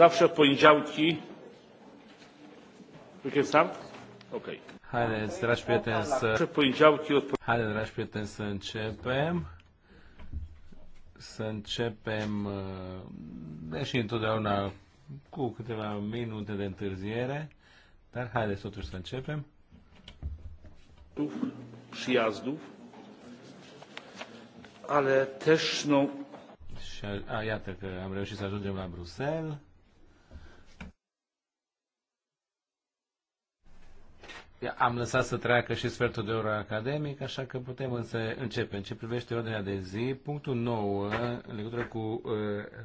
zawsze w poniedziałki. We can start? Ok. Haideți, dragi prieteni, să... Haideți, dragi prieteni, să începem. Să începem, deși întotdeauna cu câteva minute de întârziere, dar haideți totuși să începem. Przyjazdów, ale też no, și a, iată că am reușit să ajungem la Bruxelles. Am lăsat să treacă și sfertul de oră academic, așa că putem însă începe. În ce privește ordinea de zi, punctul nou, în legătură cu uh,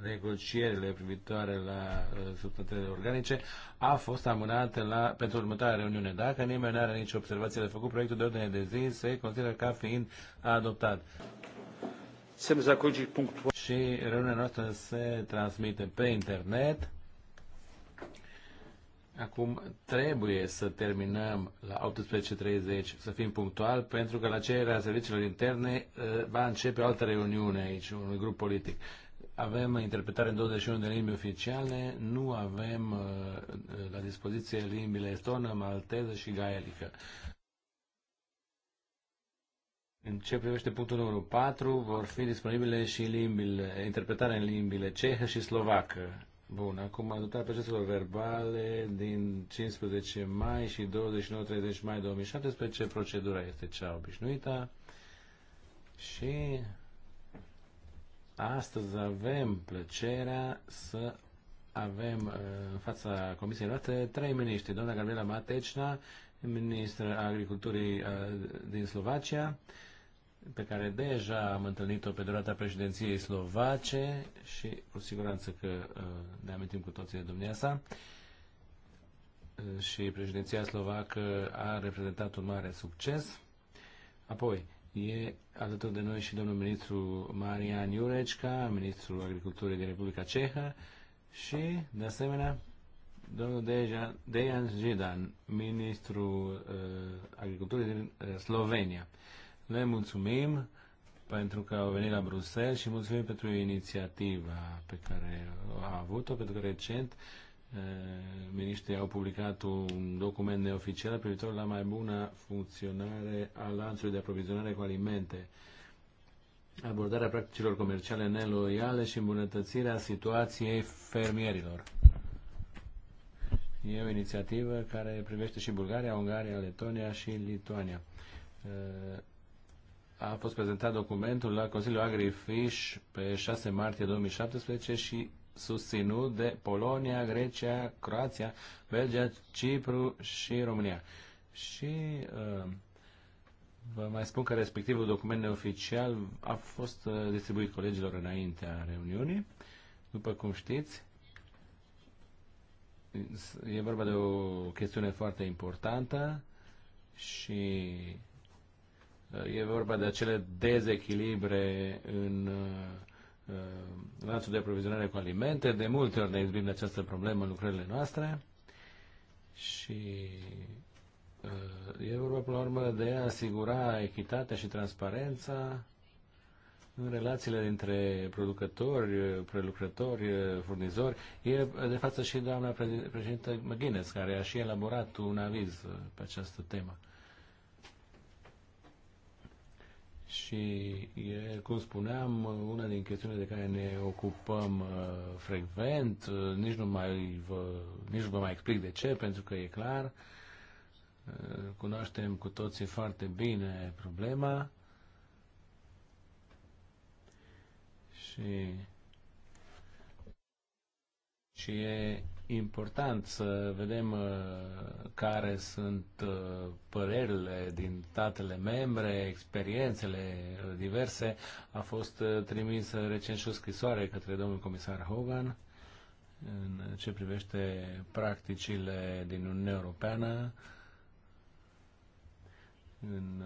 negocierile privitoare la uh, substanțele organice, a fost amânat la, pentru următoarea reuniune. Dacă nimeni nu are nicio observație de făcut, proiectul de ordine de zi se consideră ca fiind adoptat. Și reuniunea noastră se transmite pe internet Acum trebuie să terminăm la 18.30, să fim punctual, pentru că la cererea serviciilor interne eh, va începe o altă reuniune aici, un grup politic. Avem interpretare în 21 de limbi oficiale, nu avem eh, la dispoziție limbile estonă, malteză și gaelică. În ce privește punctul numărul 4, vor fi disponibile și limbile, interpretare în limbile cehă și slovacă Bun, acum adoptarea proceselor verbale din 15 mai și 29-30 mai 2017, procedura este cea obișnuită și astăzi avem plăcerea să avem uh, în fața comisiei noastre trei miniștri, doamna Gabriela Matecna, ministrul agriculturii uh, din Slovacia, pe care deja am întâlnit-o pe durata președinției slovace și cu siguranță că uh, ne amintim cu toții de dumneavoastră uh, și președinția slovacă a reprezentat un mare succes. Apoi, e alături de noi și domnul ministru Marian Iurecica, ministrul agriculturii din Republica Cehă și, de asemenea, domnul Dejan, Zidan, ministrul uh, agriculturii din uh, Slovenia. Uh, ne mulțumim pentru că au venit la Bruxelles și mulțumim pentru inițiativa pe care a avut-o, pentru că recent eh, miniștrii au publicat un document neoficial privitor la mai bună funcționare a lanțului de aprovizionare cu alimente, abordarea practicilor comerciale neloiale și îmbunătățirea situației fermierilor. E o inițiativă care privește și Bulgaria, Ungaria, Letonia și Lituania. Eh, a fost prezentat documentul la Consiliul Agrifish pe 6 martie 2017 și susținut de Polonia, Grecia, Croația, Belgia, Cipru și România. Și uh, vă mai spun că respectivul document neoficial a fost uh, distribuit colegilor înaintea reuniunii. După cum știți, e vorba de o chestiune foarte importantă și E vorba de acele dezechilibre în uh, lanțul de aprovizionare cu alimente. De multe ori ne izbim de această problemă în lucrările noastre și uh, e vorba până la urmă de a asigura echitatea și transparența în relațiile dintre producători, prelucrători, furnizori. E de față și doamna președintă McGuinness, care a și elaborat un aviz pe această temă. și e, cum spuneam, una din chestiunile de care ne ocupăm uh, frecvent, uh, nici nu mai vă, nici nu vă mai explic de ce, pentru că e clar, uh, cunoaștem cu toții foarte bine problema și și e important să vedem uh, care sunt uh, părerile din statele membre, experiențele diverse. A fost uh, trimisă recent și o scrisoare către domnul comisar Hogan în ce privește practicile din Uniunea Europeană în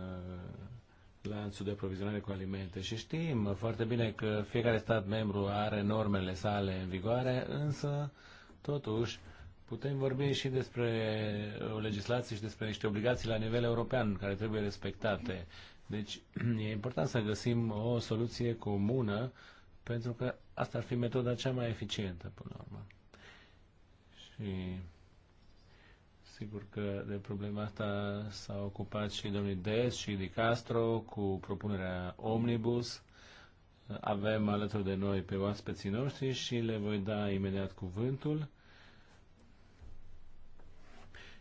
lanțul de aprovizionare cu alimente și știm foarte bine că fiecare stat membru are normele sale în vigoare, însă uh, Totuși, putem vorbi și despre o legislație și despre niște obligații la nivel european care trebuie respectate. Deci e important să găsim o soluție comună pentru că asta ar fi metoda cea mai eficientă până la urmă. Și sigur că de problema asta s-a ocupat și domnul Des și Di Castro cu propunerea Omnibus avem alături de noi pe oaspeții noștri și le voi da imediat cuvântul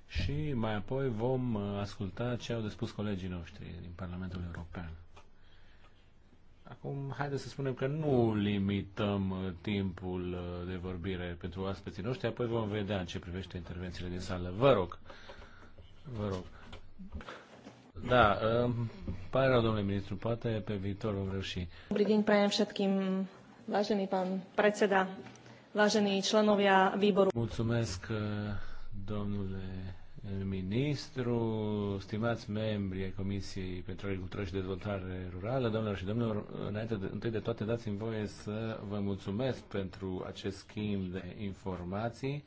și mai apoi vom asculta ce au de spus colegii noștri din Parlamentul European. Acum, haideți să spunem că nu limităm uh, timpul uh, de vorbire pentru oaspeții noștri, apoi vom vedea în ce privește intervențiile din sală. Vă rog, vă rog. Da, um, pare rău, domnule ministru, poate pe viitor vom reuși. Dobrý deň prajem všetkým, vážený pán predseda, vážení členovia výboru. Mulțumesc, eh, domnule ministru, stimați membri ai Comisiei pentru Agricultură și Dezvoltare Rurală, domnilor și domnilor, înainte de, întâi de toate dați-mi voie să vă mulțumesc pentru acest schimb de informații.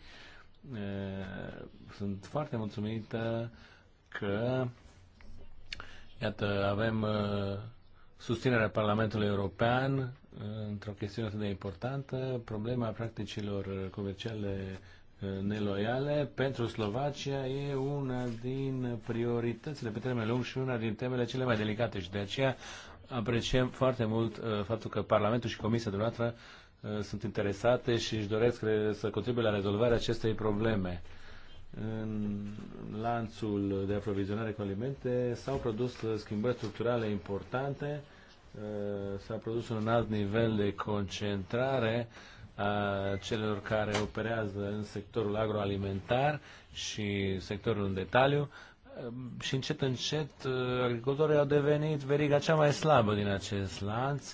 Eh, sunt foarte mulțumită că Iată, avem uh, susținerea Parlamentului European uh, într-o chestiune atât de importantă, problema practicilor comerciale uh, neloiale. Pentru Slovacia e una din prioritățile pe termen lung și una din temele cele mai delicate și de aceea apreciem foarte mult faptul că Parlamentul și Comisia dumneavoastră sunt interesate și își doresc să contribuie la rezolvarea acestei probleme în lanțul de aprovizionare cu alimente s-au produs uh, schimbări structurale importante, uh, s-a produs un alt nivel de concentrare a celor care operează în sectorul agroalimentar și sectorul în detaliu uh, și încet, încet agricultorii au devenit veriga cea mai slabă din acest lanț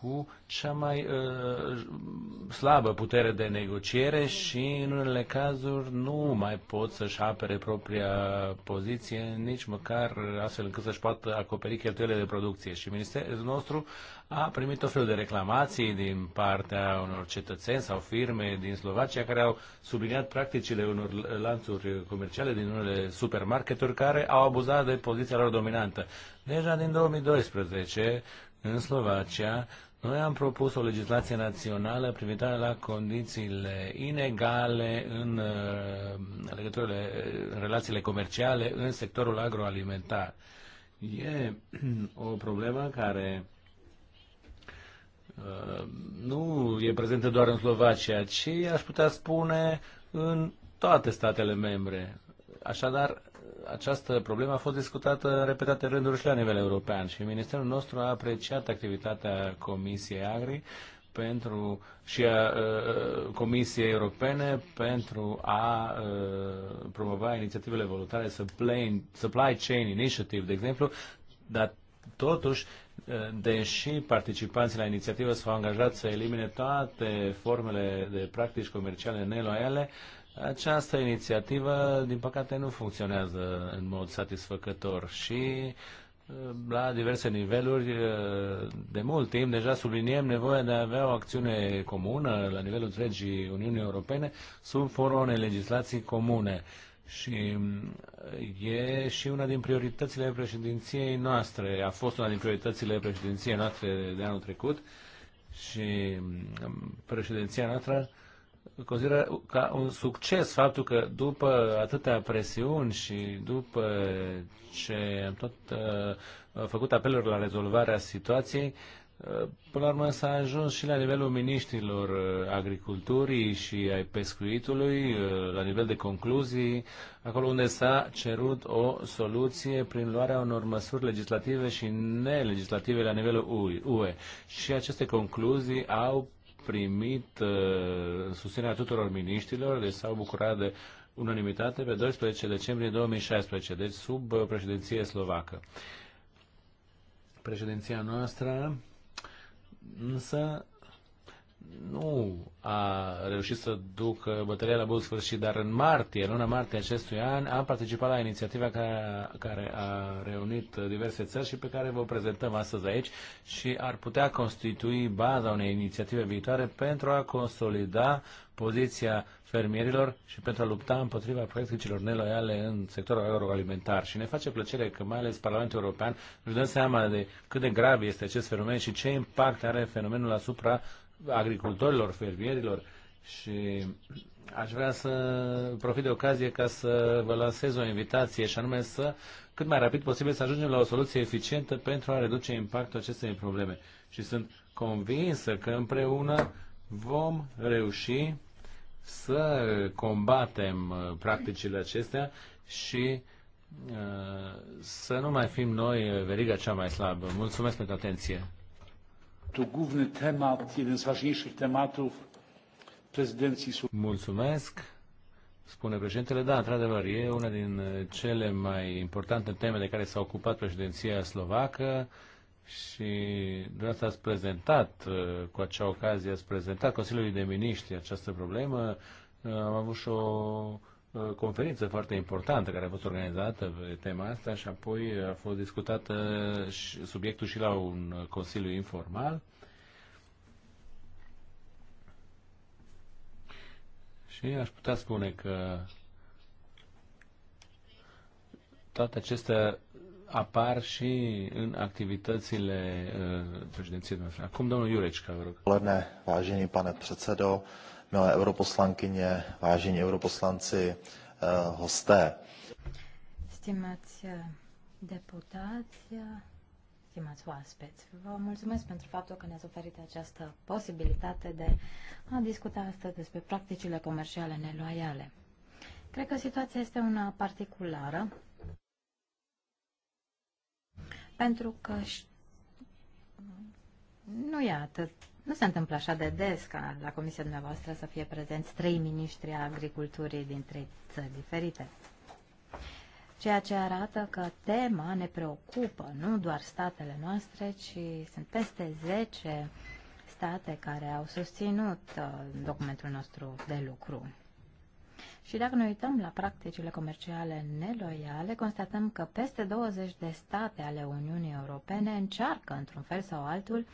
cu cea mai uh, slabă putere de negociere și în unele cazuri nu mai pot să-și apere propria poziție, nici măcar astfel încât să-și poată acoperi cheltuielile de producție. Și ministerul nostru a primit o fel de reclamații din partea unor cetățeni sau firme din Slovacia care au subliniat practicile unor lanțuri comerciale din unele supermarketuri care au abuzat de poziția lor dominantă. Deja din 2012, în Slovacia, noi am propus o legislație națională privitoare la condițiile inegale în, uh, în relațiile comerciale în sectorul agroalimentar. E o problemă care uh, nu e prezentă doar în Slovacia, ci aș putea spune în toate statele membre. Așadar, această problemă a fost discutată în repetate rânduri și la nivel european și Ministerul nostru a apreciat activitatea Comisiei Agri pentru și a uh, Comisiei Europene pentru a uh, promova inițiativele voluntare supply, supply Chain Initiative, de exemplu, dar totuși deși participanții la inițiativă s-au angajat să elimine toate formele de practici comerciale neloiale, uh, această inițiativă, din păcate, nu funcționează în mod satisfăcător și uh, la diverse niveluri, uh, de mult timp deja subliniem nevoia de a avea o acțiune comună la nivelul întregii Uniunii Europene sub forma unei legislații comune. Și uh, e și una din prioritățile președinției noastre, a fost una din prioritățile președinției noastre de anul trecut și um, președinția noastră consideră ca un succes faptul că după atâtea presiuni și după ce am tot uh, făcut apeluri la rezolvarea situației, uh, Până la urmă s-a ajuns și la nivelul miniștrilor uh, agriculturii și ai pescuitului, uh, la nivel de concluzii, acolo unde s-a cerut o soluție prin luarea unor măsuri legislative și nelegislative la nivelul UE. Și aceste concluzii au primit uh, susținerea tuturor miniștilor, deci s-au bucurat de unanimitate pe 12 decembrie 2016, deci sub uh, președinție slovacă. Președinția noastră însă nu a reușit să ducă bătălia la bun sfârșit, dar în martie, luna martie acestui an, am participat la inițiativa care, care a reunit diverse țări și pe care vă prezentăm astăzi aici și ar putea constitui baza unei inițiative viitoare pentru a consolida poziția fermierilor și pentru a lupta împotriva practicilor neloiale în sectorul agroalimentar. Și ne face plăcere că mai ales Parlamentul European își dă seama de cât de grav este acest fenomen și ce impact are fenomenul asupra agricultorilor, fermierilor și aș vrea să profit de ocazie ca să vă lansez o invitație și anume să cât mai rapid posibil să ajungem la o soluție eficientă pentru a reduce impactul acestei probleme. Și sunt convinsă că împreună vom reuși să combatem uh, practicile acestea și uh, să nu mai fim noi uh, veriga cea mai slabă. Mulțumesc pentru atenție! To główny temat, jeden z ważniejszych tematów Mulțumesc, spune președintele. Da, într-adevăr, e una din cele mai importante teme de care s-a ocupat președinția slovacă și dumneavoastră ați prezentat, cu acea ocazie ați prezentat Consiliului de Miniștri această problemă. Am avut și o Uh, conferință foarte importantă care a fost organizată pe tema asta și apoi a fost discutată subiectul și la un consiliu informal. Și aș putea spune că toate acestea apar și în activitățile uh, președinției noastre. Acum, domnul Iurecica, vă rog. Pane předsedo, milé europoslankyně, vážení europoslanci, eh, hosté. Stimați eh, deputați, stimați oaspeți, vă mulțumesc pentru faptul că ne-ați oferit această posibilitate de a discuta astăzi despre practicile comerciale neloiale. Cred că situația este una particulară, pentru că nu e atât nu se întâmplă așa de des ca la comisia dumneavoastră să fie prezenți trei miniștri a agriculturii din trei țări diferite. Ceea ce arată că tema ne preocupă nu doar statele noastre, ci sunt peste 10 state care au susținut uh, documentul nostru de lucru. Și dacă ne uităm la practicile comerciale neloiale, constatăm că peste 20 de state ale Uniunii Europene încearcă, într-un fel sau altul,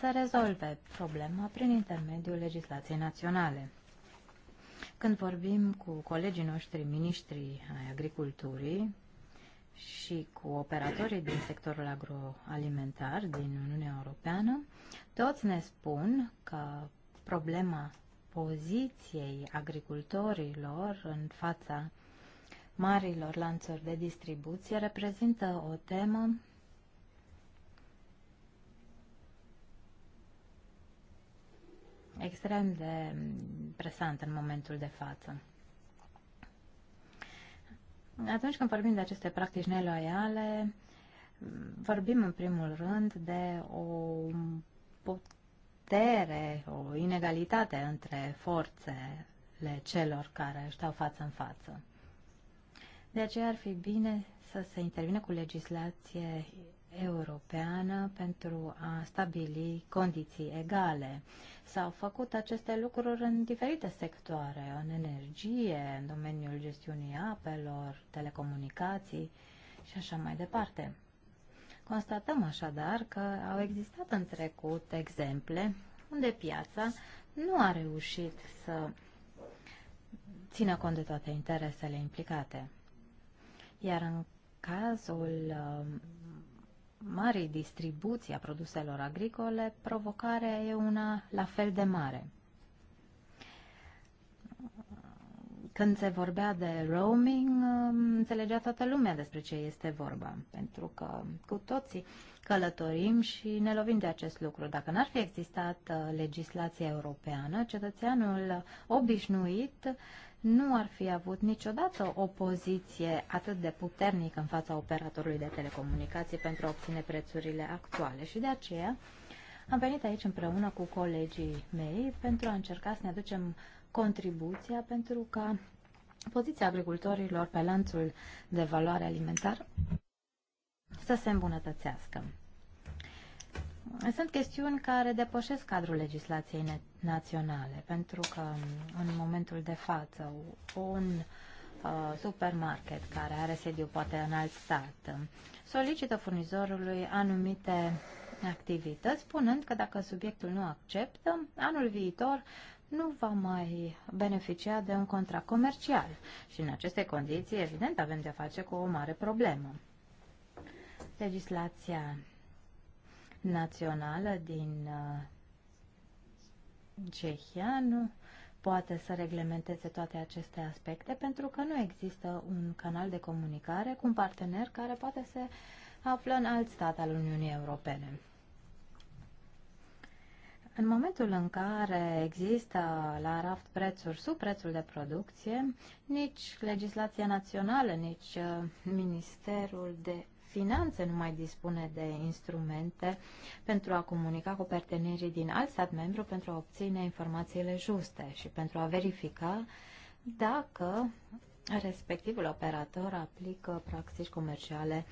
să rezolve problema prin intermediul legislației naționale. Când vorbim cu colegii noștri ministrii ai agriculturii și cu operatorii din sectorul agroalimentar din Uniunea Europeană, toți ne spun că problema poziției agricultorilor în fața marilor lanțuri de distribuție reprezintă o temă extrem de presant în momentul de față. Atunci când vorbim de aceste practici neloiale, vorbim în primul rând de o putere, o inegalitate între forțele celor care stau față în față. De aceea ar fi bine să se intervine cu legislație europeană pentru a stabili condiții egale S-au făcut aceste lucruri în diferite sectoare, în energie, în domeniul gestiunii apelor, telecomunicații și așa mai departe. Constatăm așadar că au existat în trecut exemple unde piața nu a reușit să țină cont de toate interesele implicate. Iar în cazul uh, marii distribuții a produselor agricole, provocarea e una la fel de mare. Când se vorbea de roaming, um, înțelegea toată lumea despre ce este vorba, pentru că cu toții călătorim și ne lovim de acest lucru. Dacă n-ar fi existat uh, legislația europeană, cetățeanul obișnuit nu ar fi avut niciodată o poziție atât de puternică în fața operatorului de telecomunicații pentru a obține prețurile actuale și de aceea am venit aici împreună cu colegii mei pentru a încerca să ne aducem contribuția pentru ca poziția agricultorilor pe lanțul de valoare alimentar să se îmbunătățească. Sunt chestiuni care depășesc cadrul legislației naționale, pentru că mm, în momentul de față un uh, supermarket care are sediu poate în alt stat mm, solicită furnizorului anumite activități, spunând că dacă subiectul nu acceptă, anul viitor nu va mai beneficia de un contract comercial. Și în aceste condiții, evident, avem de face cu o mare problemă. Legislația națională din uh, Cehia nu poate să reglementeze toate aceste aspecte pentru că nu există un canal de comunicare cu un partener care poate să află în alt stat al Uniunii Europene. În momentul în care există la raft prețuri sub prețul de producție, nici legislația națională, nici uh, Ministerul de Finanțe nu mai dispune de instrumente pentru a comunica cu partenerii din alt stat membru pentru a obține informațiile juste și pentru a verifica dacă respectivul operator aplică practici comerciale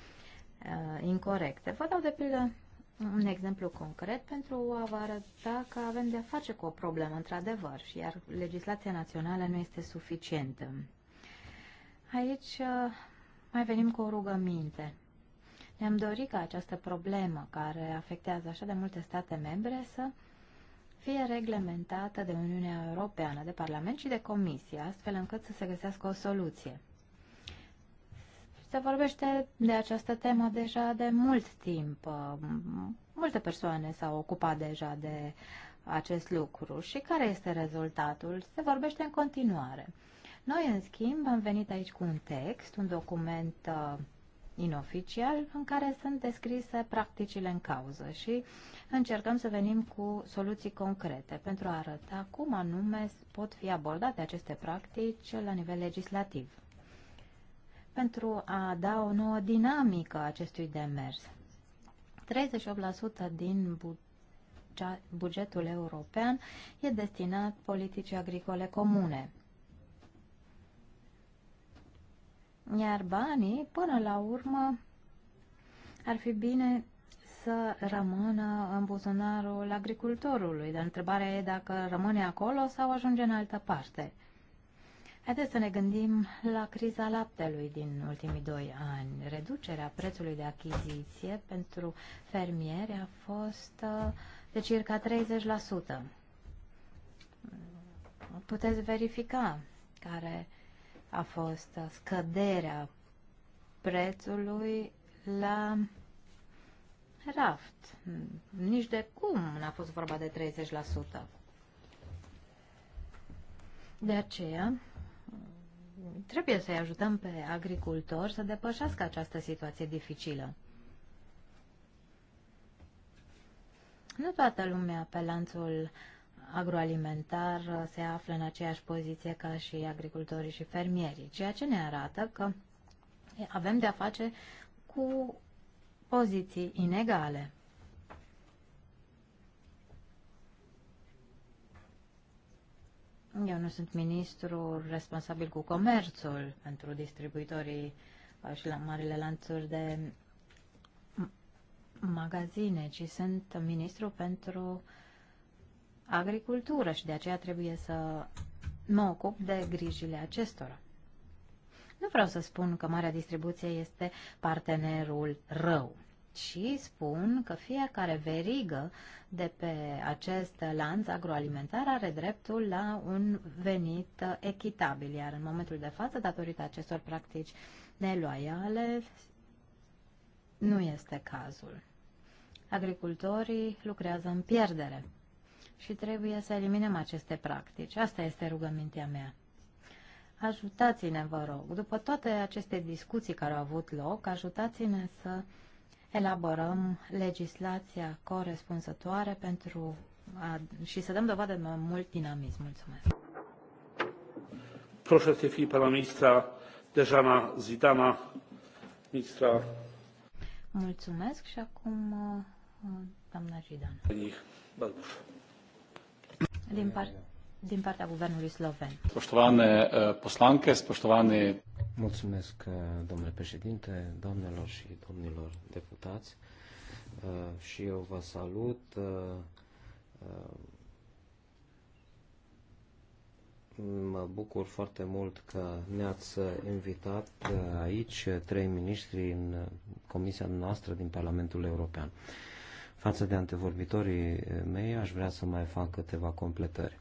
uh, incorrecte. Vă dau de pildă un exemplu concret pentru a vă arăta că avem de-a face cu o problemă, într-adevăr, și iar legislația națională nu este suficientă. Aici uh, mai venim cu o rugăminte. Ne-am dorit ca această problemă care afectează așa de multe state membre să fie reglementată de Uniunea Europeană, de Parlament și de Comisie, astfel încât să se găsească o soluție. Se vorbește de această temă deja de mult timp. Multe persoane s-au ocupat deja de acest lucru. Și care este rezultatul? Se vorbește în continuare. Noi, în schimb, am venit aici cu un text, un document uh, inoficial, în care sunt descrise practicile în cauză și încercăm să venim cu soluții concrete pentru a arăta cum anume pot fi abordate aceste practici la nivel legislativ pentru a da o nouă dinamică acestui demers. 38% din bugetul european e destinat politicii agricole comune. Iar banii, până la urmă, ar fi bine să rămână în buzunarul agricultorului. Dar întrebarea e dacă rămâne acolo sau ajunge în altă parte. Haideți să ne gândim la criza laptelui din ultimii doi ani. Reducerea prețului de achiziție pentru fermieri a fost uh, de circa 30%. Puteți verifica care a fost uh, scăderea prețului la raft. Nici de cum n-a fost vorba de 30%. De aceea, trebuie să-i ajutăm pe agricultori să depășească această situație dificilă. Nu toată lumea pe lanțul agroalimentar se află în aceeași poziție ca și agricultorii și fermierii, ceea ce ne arată că avem de-a face cu poziții inegale. Eu nu sunt ministru responsabil cu comerțul pentru distribuitorii și la marile lanțuri de magazine, ci sunt ministru pentru agricultură și de aceea trebuie să mă ocup de grijile acestora. Nu vreau să spun că marea distribuție este partenerul rău ci spun că fiecare verigă de pe acest lanț agroalimentar are dreptul la un venit echitabil, iar în momentul de față, datorită acestor practici neloiale, nu este cazul. Agricultorii lucrează în pierdere și trebuie să eliminăm aceste practici. Asta este rugămintea mea. Ajutați-ne, vă rog, după toate aceste discuții care au avut loc, ajutați-ne să elaborăm legislația corespunzătoare pentru a, și să dăm dovadă de mai mult dinamism. Mulțumesc. Proszę w tej chwili pana ministra Dejana Zidana, ministra... Mulțumesc și acum doamna Zidana. Din partea din partea Guvernului Sloven. Poștovane eh, poslanke, poștovane... Mulțumesc, eh, domnule președinte, doamnelor și domnilor deputați. Eh, și eu vă salut Mă bucur foarte mult că ne-ați invitat aici trei miniștri în comisia noastră din Parlamentul European. Față de antevorbitorii mei, aș vrea să mai fac câteva completări.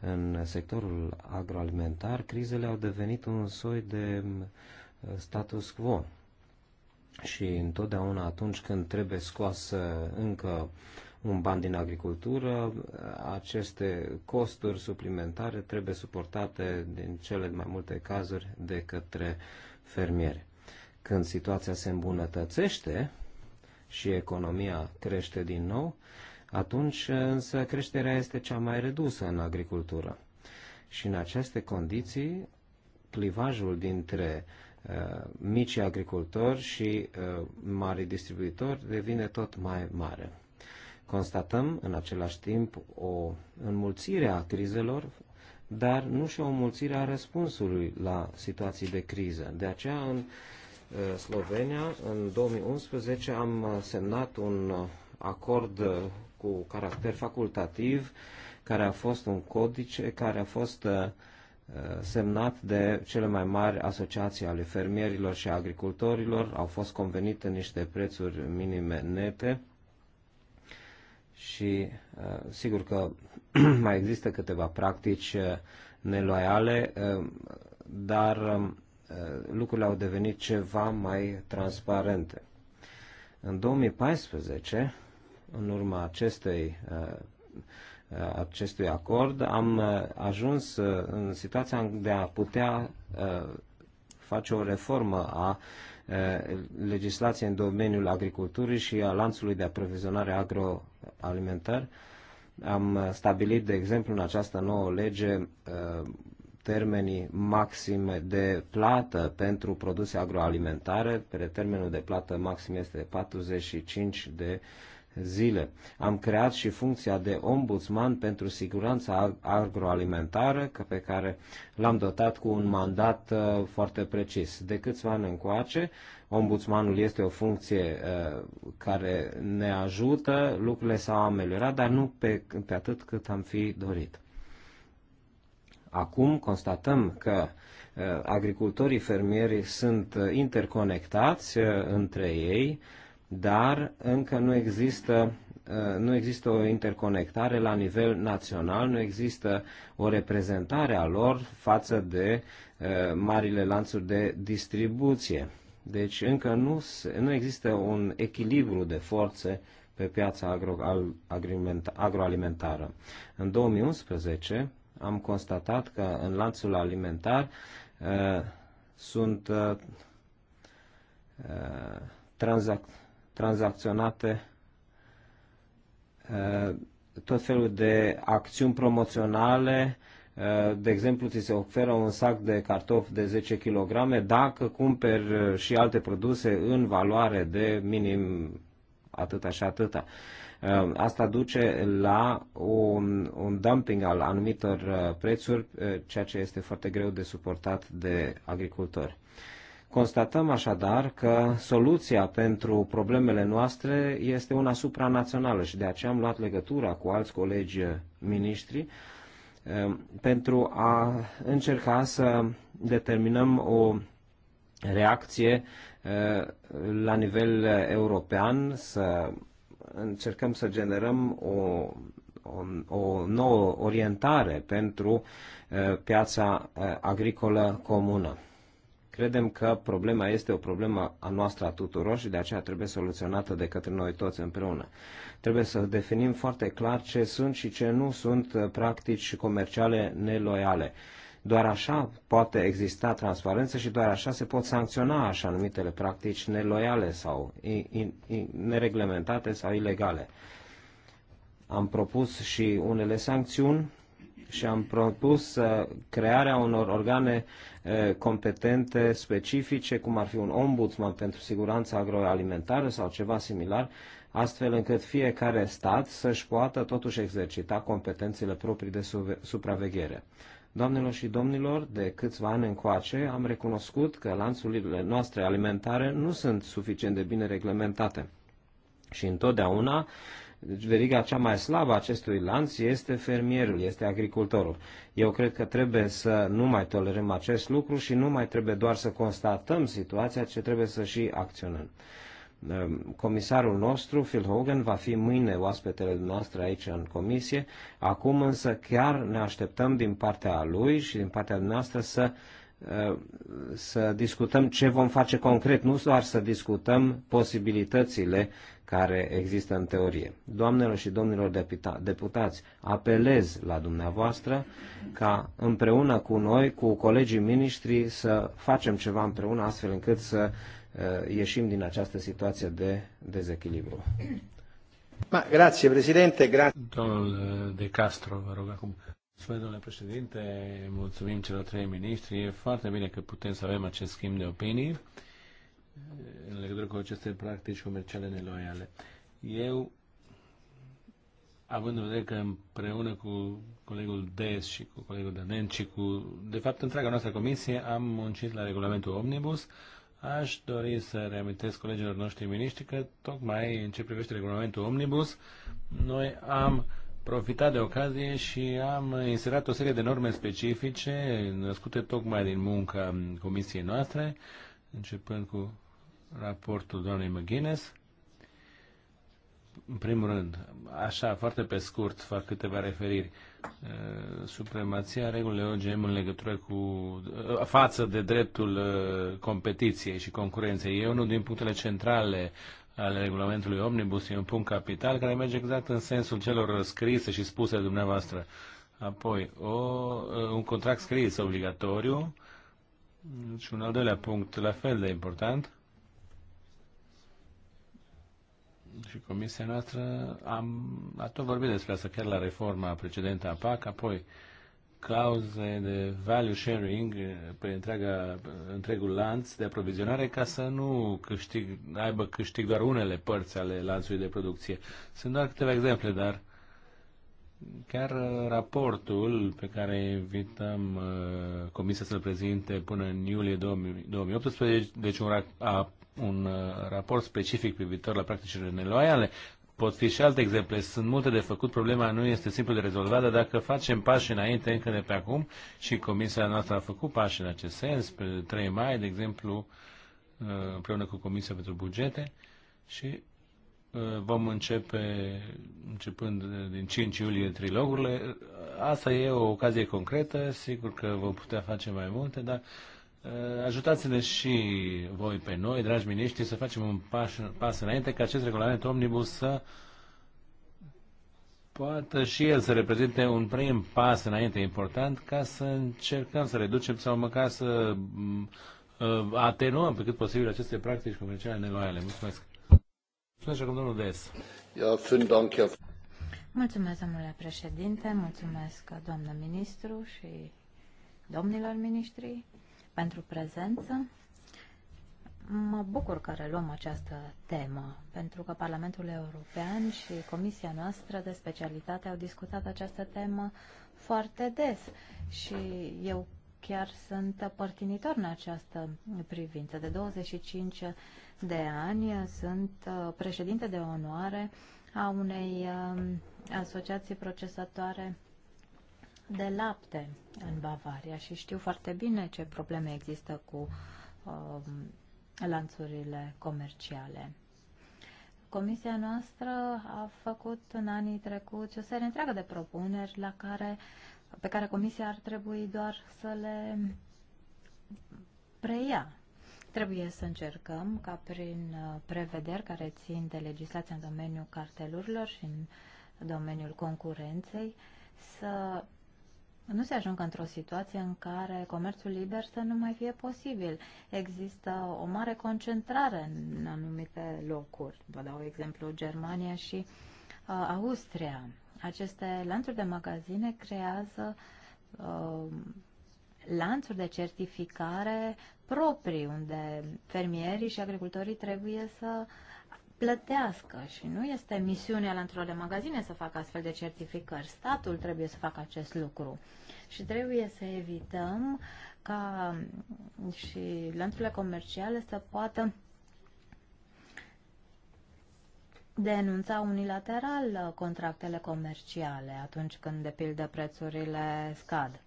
În sectorul agroalimentar, crizele au devenit un soi de uh, status quo. Și întotdeauna atunci când trebuie scoasă încă un ban din agricultură, aceste costuri suplimentare trebuie suportate din cele mai multe cazuri de către fermiere. Când situația se îmbunătățește și economia crește din nou, atunci însă creșterea este cea mai redusă în agricultură. Și în aceste condiții, clivajul dintre uh, micii agricultori și uh, mari distribuitori devine tot mai mare. Constatăm în același timp o înmulțire a crizelor, dar nu și o înmulțire a răspunsului la situații de criză. De aceea, în uh, Slovenia, în 2011, am semnat un acord cu caracter facultativ, care a fost un codice, care a fost uh, semnat de cele mai mari asociații ale fermierilor și agricultorilor, au fost convenite niște prețuri minime nete și uh, sigur că mai există câteva practici uh, neloiale, dar um, lucrurile au devenit ceva mai transparente. În 2014, în urma acestei, uh, acestui acord, am uh, ajuns uh, în situația de a putea face o reformă a legislației în domeniul agriculturii și a lanțului de aprovizionare agroalimentar. Am stabilit, de exemplu, în această nouă lege termenii maxime de plată pentru produse agroalimentare. Pe termenul de plată maxim este 45 de zile. Am creat și funcția de ombudsman pentru siguranța agroalimentară, pe care l-am dotat cu un mandat uh, foarte precis. De câțiva ani încoace, ombudsmanul este o funcție uh, care ne ajută, lucrurile s-au ameliorat, dar nu pe, pe atât cât am fi dorit. Acum constatăm că uh, agricultorii fermieri sunt interconectați între ei, dar încă nu există, uh, nu există o interconectare la nivel național, nu există o reprezentare a lor față de uh, marile lanțuri de distribuție. Deci încă nu, nu există un echilibru de forțe pe piața agro, agroalimentară. În 2011 am constatat că în lanțul alimentar uh, sunt uh, uh tranzac- tranzacționate eh, tot felul de acțiuni promoționale, eh, de exemplu, ți se oferă un sac de cartofi de 10 kg dacă cumperi eh, și alte produse în valoare de minim atâta și atâta. Asta duce la un, un dumping al anumitor prețuri, ceea ce este foarte greu de suportat de agricultori. Constatăm așadar că soluția pentru problemele noastre este una supranațională și de aceea am luat legătura cu alți colegi miniștri um, pentru a încerca să determinăm o reacție uh, la nivel european, să încercăm să generăm o, o, o nouă orientare pentru uh, piața uh, agricolă comună. Credem că problema este o problemă a noastră a tuturor și de aceea trebuie soluționată de către noi toți împreună. Trebuie să definim foarte clar ce sunt și ce nu sunt uh, practici comerciale neloiale. Doar așa poate exista transparență și doar așa se pot sancționa așa numitele practici neloiale sau nereglementate sau ilegale. Am propus și unele sancțiuni și am propus uh, crearea unor organe competente, specifice, cum ar fi un ombudsman pentru siguranța agroalimentară sau ceva similar, astfel încât fiecare stat să-și poată totuși exercita competențele proprii de supraveghere. Doamnelor și domnilor, de câțiva ani încoace am recunoscut că lanțurile noastre alimentare nu sunt suficient de bine reglementate. Și întotdeauna deci veriga cea mai slabă a acestui lanț este fermierul, este agricultorul. Eu cred că trebuie să nu mai tolerăm acest lucru și nu mai trebuie doar să constatăm situația, ci trebuie să și acționăm. Ehm, comisarul nostru, Phil Hogan, va fi mâine oaspetele noastre aici în comisie. Acum însă chiar ne așteptăm din partea lui și din partea noastră să ehm, să discutăm ce vom face concret, nu doar să discutăm posibilitățile care există în teorie. Doamnelor și domnilor deputa deputați, apelez la dumneavoastră ca împreună cu noi, cu colegii miniștri, să facem ceva împreună astfel încât să uh, ieșim din această situație de dezechilibru. Ma, grazie, președinte, grazie. Domnul De Castro, vă rog acum. Mulțumesc, domnule președinte, mulțumim celor trei miniștri. E foarte bine că putem să avem acest schimb de opinii în legătură cu aceste practici comerciale neloiale. Eu, având în vedere că împreună cu colegul Des și cu colegul Danen și cu, de fapt, întreaga noastră comisie, am muncit la regulamentul Omnibus, aș dori să reamintesc colegilor noștri miniștri că, tocmai în ce privește regulamentul Omnibus, noi am profitat de ocazie și am inserat o serie de norme specifice născute tocmai din munca comisiei noastre, începând cu raportul doamnei McGuinness. În primul rând, așa, foarte pe scurt, fac câteva referiri. Uh, supremația regulile OGM în legătură cu uh, față de dreptul uh, competiției și concurenței. E unul din punctele centrale ale regulamentului Omnibus, e un punct capital care merge exact în sensul celor scrise și spuse de dumneavoastră. Apoi, o, un contract scris obligatoriu și un al doilea punct la fel de important și comisia noastră am, a tot vorbit despre asta chiar la reforma precedentă a PAC, apoi clauze de value sharing pe întreaga, întregul lanț de aprovizionare ca să nu câștig, aibă câștig doar unele părți ale lanțului de producție. Sunt doar câteva exemple, dar chiar uh, raportul pe care invităm uh, Comisia să-l prezinte până în iulie 2018, deci un, un uh, raport specific privitor la practicile neloiale. Pot fi și alte exemple. Sunt multe de făcut. Problema nu este simplu de rezolvat, dar dacă facem pași înainte încă de pe acum și comisia noastră a făcut pași în acest sens, pe 3 mai, de exemplu, uh, împreună cu Comisia pentru Bugete și uh, vom începe, începând din 5 iulie, trilogurile. Asta e o ocazie concretă, sigur că vom putea face mai multe, dar Eh, ajutați-ne și voi pe noi, dragi miniștri, să facem un pas, pas înainte ca acest regulament omnibus să poată și el să reprezinte un prim pas înainte important ca să încercăm să reducem sau măcar să mm, eh, atenuăm pe cât posibil aceste practici comerciale neloiale. Mulțumesc! Mulțumesc acum domnul Des. Mulțumesc, domnule președinte, mulțumesc, doamnă ministru și domnilor ministri pentru prezență. Mă bucur că reluăm această temă, pentru că Parlamentul European și Comisia noastră de specialitate au discutat această temă foarte des și eu chiar sunt părtinitor în această privință. De 25 de ani sunt uh, președinte de onoare a unei uh, asociații procesatoare de lapte în Bavaria și știu foarte bine ce probleme există cu uh, lanțurile comerciale. Comisia noastră a făcut în anii trecuți o serie întreagă de propuneri la care, pe care Comisia ar trebui doar să le preia. Trebuie să încercăm ca prin uh, prevederi care țin de legislația în domeniul cartelurilor și în domeniul concurenței să nu se ajungă într-o situație în care comerțul liber să nu mai fie posibil. Există o mare concentrare în anumite locuri. Vă dau exemplu Germania și uh, Austria. Aceste lanțuri de magazine creează uh, lanțuri de certificare proprii, unde fermierii și agricultorii trebuie să uh, plătească și nu este misiunea lanțurilor de magazine să facă astfel de certificări. Statul trebuie să facă acest lucru și trebuie să evităm ca și lanțurile comerciale să poată denunța unilateral contractele comerciale atunci când, de pildă, prețurile scad.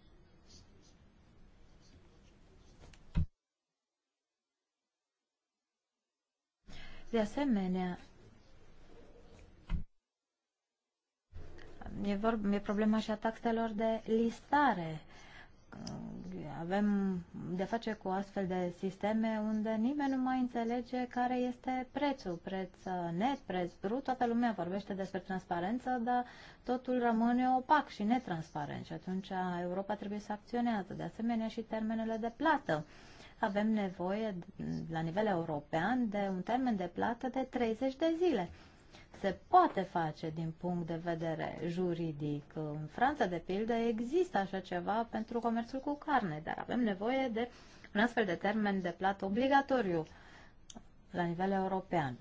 De asemenea, e, vorba, e problema și a taxelor de listare. Avem de face cu astfel de sisteme unde nimeni nu mai înțelege care este prețul, preț net, preț brut, toată lumea vorbește despre transparență, dar totul rămâne opac și netransparent și atunci Europa trebuie să acționează. De asemenea și termenele de plată avem nevoie la nivel european de un termen de plată de 30 de zile. Se poate face din punct de vedere juridic. În Franța, de pildă, există așa ceva pentru comerțul cu carne, dar avem nevoie de un astfel de termen de plată obligatoriu la nivel european.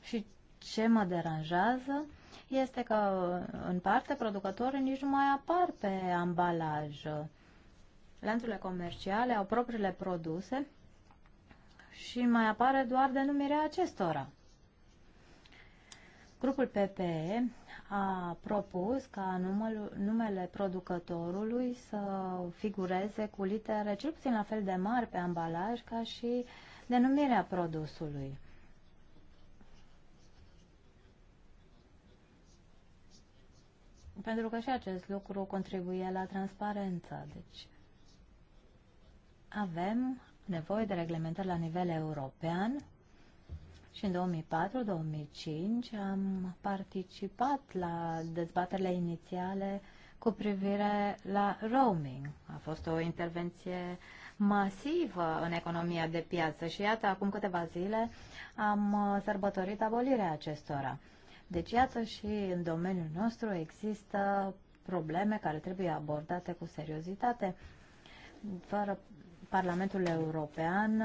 Și ce mă deranjează este că, în parte, producătorii nici nu mai apar pe ambalaj lanțurile comerciale au propriile produse și mai apare doar denumirea acestora. Grupul PPE a propus ca numele, numele producătorului să figureze cu litere cel puțin la fel de mari pe ambalaj ca și denumirea produsului. Pentru că și acest lucru contribuie la transparență. Deci, avem nevoie de reglementări la nivel european și în 2004-2005 am participat la dezbaterile inițiale cu privire la roaming. A fost o intervenție masivă în economia de piață și iată, acum câteva zile am uh, sărbătorit abolirea acestora. Deci iată și în domeniul nostru există probleme care trebuie abordate cu seriozitate, fără Parlamentul European,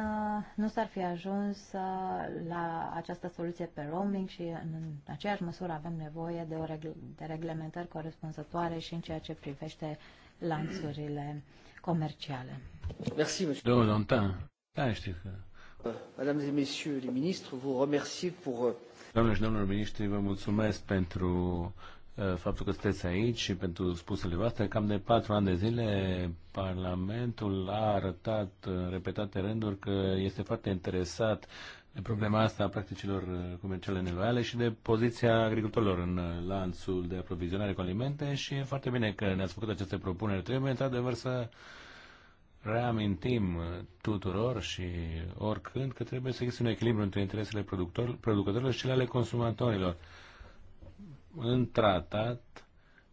nu s-ar fi ajuns uh, la această soluție pe roaming și uh, în aceeași măsură avem nevoie de, o regl- de reglementări corespunzătoare și în ceea ce privește lanțurile comerciale. Merci, Domnul da, Mesdames et messieurs les ministres, vous pour... Euh, Doamne și domnilor ministri, vă mulțumesc pentru Uh, faptul că sunteți aici și pentru spusele voastre. Cam de patru ani de zile Parlamentul a arătat uh, în repetate rânduri că este foarte interesat de problema asta a practicilor uh, comerciale neloiale și de poziția agricultorilor în lanțul de aprovizionare cu alimente și e foarte bine că ne-ați făcut aceste propuneri. Trebuie într-adevăr să reamintim tuturor și oricând că trebuie să existe un echilibru între interesele producătorilor și cele ale consumatorilor în tratat,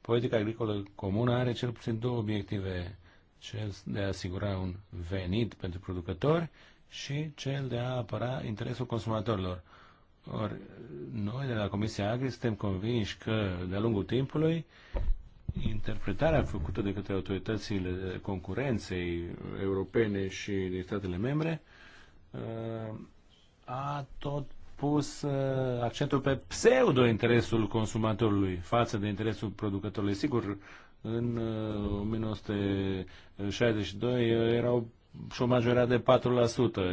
politica agricolă comună are cel puțin două obiective. Cel de a asigura un venit pentru producători și cel de a apăra interesul consumatorilor. Or, noi de la Comisia Agri suntem convinși că, de-a lungul timpului, interpretarea făcută de către autoritățile concurenței europene și din statele membre uh, a tot pus uh, accentul pe pseudo-interesul consumatorului față de interesul producătorului. Sigur, în 1962 uh, uh, erau șomajul era de 4%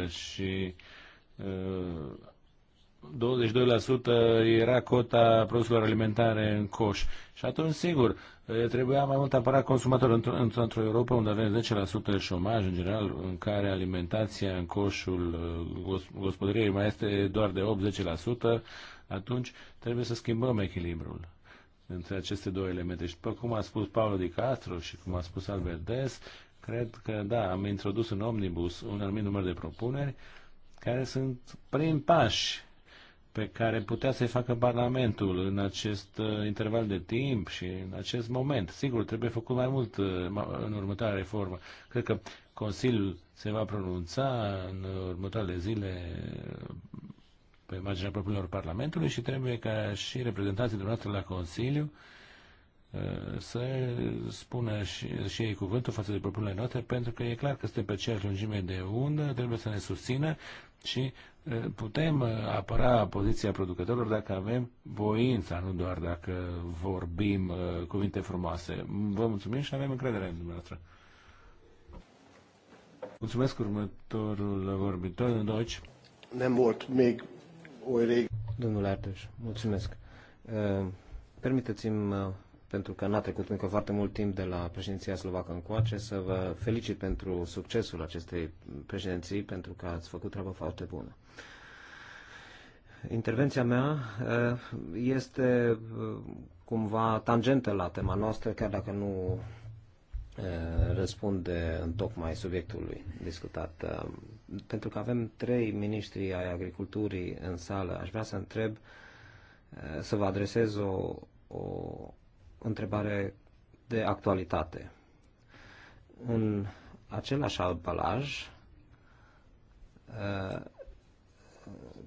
și 22% era cota produselor alimentare în coș. Și atunci, sigur, Trebuia mai mult apărat consumatorul într-o într Europa unde avem 10% șomaj în general, în care alimentația în coșul uh, gospodăriei mai este doar de 8-10%, atunci trebuie să schimbăm echilibrul între aceste două elemente. Și după cum a spus Paolo Di Castro și cum a spus Albert Des, cred că da, am introdus în Omnibus un anumit număr de propuneri care sunt prin pași pe care putea să-i facă Parlamentul în acest uh, interval de timp și în acest moment. Sigur, trebuie făcut mai mult uh, în următoarea reformă. Cred că Consiliul se va pronunța în următoarele zile pe marginea propunerilor Parlamentului și trebuie ca și reprezentanții dumneavoastră la Consiliu uh, să spună și, și ei cuvântul față de propunerile noastre, pentru că e clar că suntem pe aceeași lungime de undă, trebuie să ne susțină, și putem apăra poziția producătorilor dacă avem voința, nu doar dacă vorbim cuvinte frumoase. Vă mulțumim și avem încredere în dumneavoastră. Mulțumesc următorul vorbitor în Deutsch. Nem volt még Domnul Arteș, mulțumesc. Permiteți-mi pentru că n-a trecut încă foarte mult timp de la președinția slovacă încoace, să vă felicit pentru succesul acestei președinții, pentru că ați făcut treabă foarte bună. Intervenția mea eh, este eh, cumva tangentă la tema noastră, chiar dacă nu eh, răspunde în tocmai subiectului discutat. Pentru că avem trei miniștri ai agriculturii în sală, aș vrea să întreb, să vă adresez o, o o întrebare de actualitate. În același albalaj, uh,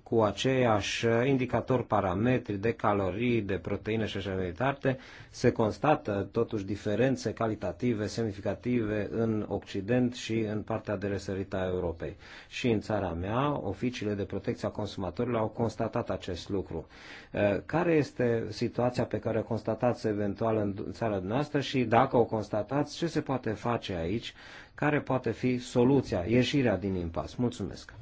cu aceiași indicatori parametri de calorii, de proteine și așa mai departe, se constată totuși diferențe calitative semnificative în Occident și în partea de resărit a Europei. Și în țara mea, oficiile de protecție a consumatorilor au constatat acest lucru. Care este situația pe care o constatați eventual în țara noastră și dacă o constatați, ce se poate face aici? Care poate fi soluția, ieșirea din impas? Mulțumesc!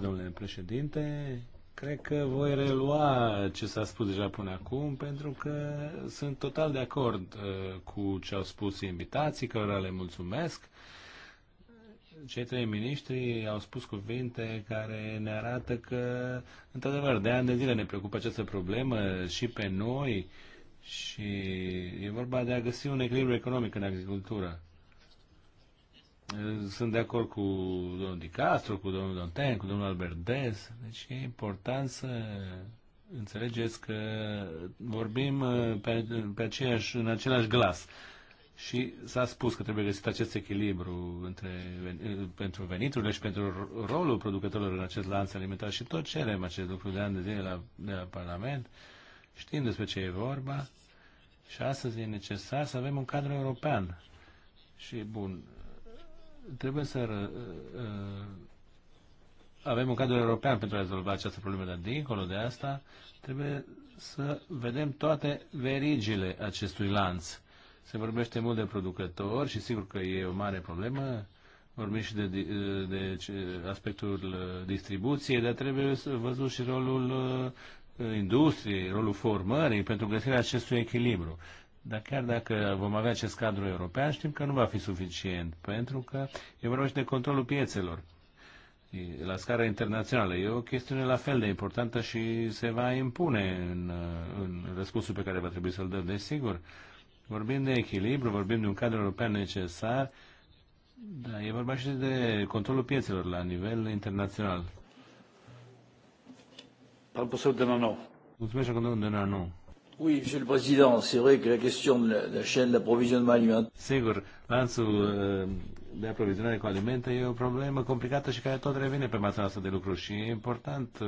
domnule președinte. Cred că voi relua ce s-a spus deja până acum, pentru că sunt total de acord uh, cu ce au spus invitații, cărora le mulțumesc. Cei trei miniștri au spus cuvinte care ne arată că, într-adevăr, de ani de zile ne preocupă această problemă și pe noi, uh, și e vorba de a găsi un echilibru economic în agricultură. Sunt de acord cu domnul Di Castro, cu domnul Donten, cu domnul Albertez. Deci e important să înțelegeți că vorbim uh, pe, pe aceeași, în același glas. Și s-a spus că trebuie găsit acest echilibru între, uh, pentru veniturile și pentru rolul producătorilor în acest lanț alimentar și tot cerem acest lucru de ani de zile la, de la Parlament. știind despre ce e vorba și astăzi e necesar să avem un cadru european. Și, bun, trebuie să uh, avem un cadru european pentru a rezolva această problemă, dar dincolo de asta trebuie să vedem toate verigile acestui lanț. Se vorbește mult de producători și sigur că e o mare problemă, vorbim și de, ă, de, de aspectul distribuției, dar trebuie să văzut și rolul industriei, rolul formării pentru găsirea acestui echilibru. Dar chiar dacă vom avea acest cadru european, știm că nu va fi suficient, pentru că e vorba și de controlul piețelor la scară internațională. E o chestiune la fel de importantă și se va impune în, în răspunsul pe care va trebui să-l dăm, desigur. Vorbim de echilibru, vorbim de un cadru european necesar, dar e vorba și de controlul piețelor la nivel internațional. Pan poseł Denano. Denano. Oui, monsieur le président, c'est vrai que la question de la, la chaîne d'approvisionnement alimentaire. Sigur, lanțul eh, de aprovizionare cu alimente e o problemă complicată și care tot revine pe masa asta de lucru și e important uh,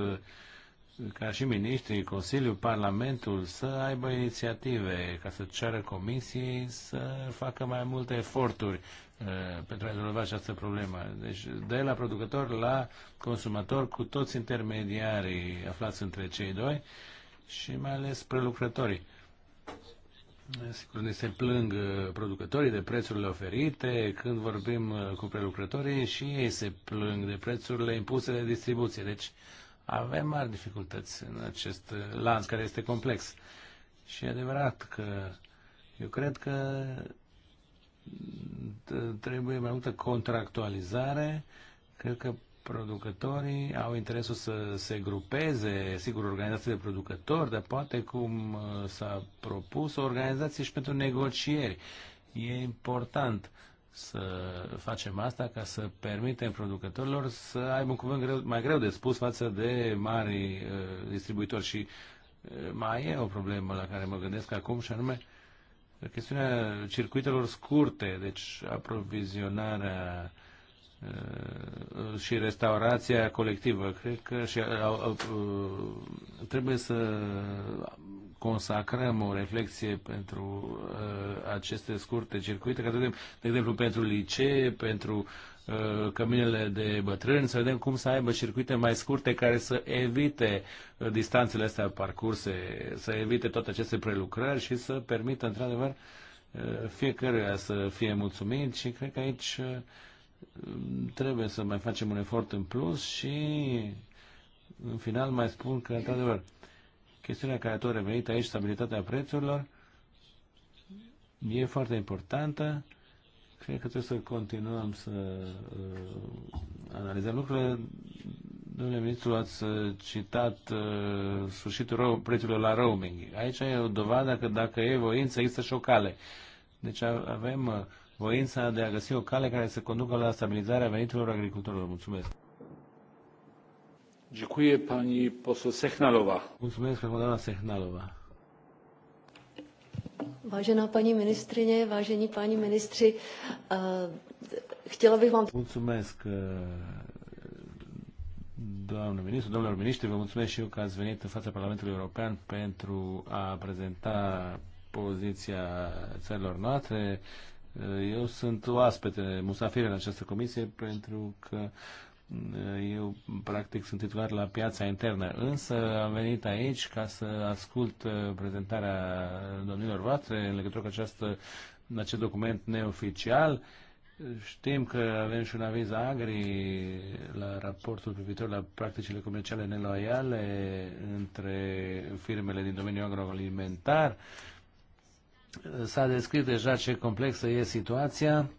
ca și ministrii, Consiliul, Parlamentul să aibă inițiative ca să ceară comisiei să facă mai multe eforturi uh, pentru a rezolva această problemă. Deci de la producător la consumator cu toți intermediarii aflați între cei doi și mai ales prelucrătorii. Sigur, ne se plâng uh, producătorii de prețurile oferite când vorbim uh, cu prelucrătorii și ei se plâng de prețurile impuse de distribuție. Deci, uh, avem mari dificultăți în acest lanț care este complex. Și e adevărat că eu cred că trebuie mai multă contractualizare. Cred că producătorii au interesul să se grupeze, sigur, organizații de producători, dar poate cum uh, s-a propus, o organizație și pentru negocieri. E important să facem asta ca să permitem producătorilor să aibă un cuvânt greu, mai greu de spus față de mari uh, distribuitori și uh, mai e o problemă la care mă gândesc acum și anume chestiunea circuitelor scurte, deci aprovizionarea uh, și restaurația colectivă. Cred că și, uh, uh, trebuie să consacrăm o reflexie pentru uh, aceste scurte circuite, că de, de exemplu pentru licee, pentru uh, căminele de bătrâni, să vedem cum să aibă circuite mai scurte care să evite uh, distanțele astea parcurse, să evite toate aceste prelucrări și să permită într-adevăr uh, fiecare să fie mulțumit și cred că aici uh, trebuie să mai facem un efort în plus și în final mai spun că într-adevăr chestiunea care a tot revenit aici, stabilitatea prețurilor, e foarte importantă. Cred că trebuie să continuăm să uh, analizăm lucrurile. Domnule ministru, ați citat uh, sfârșitul prețurilor la roaming. Aici e o dovadă că dacă e voință, există și o cale. Deci avem uh, voința de a găsi o cale care să conducă la stabilizarea veniturilor agricultorilor. Mulțumesc! Dziękuję pani poseł Sechnalowa. Mulțumesc, doamna Sechnalova. Vážená paní ministrině, vážení páni ministři, eh, chtěla bych vám... Mulțumesc, eh, doamnă ministru, domnilor ministri, vă mulțumesc și eu că ați venit în fața Parlamentului European pentru a prezenta poziția țărilor noastre. Eh, eu sunt oaspete, musafir în această comisie pentru că eu practic sunt titular la piața internă, însă am venit aici ca să ascult uh, prezentarea domnilor voastre în legătură cu această, acest document neoficial. Știm că avem și un aviz agri la raportul privitor la practicile comerciale neloiale între firmele din domeniul agroalimentar. S-a descris deja ce complexă e situația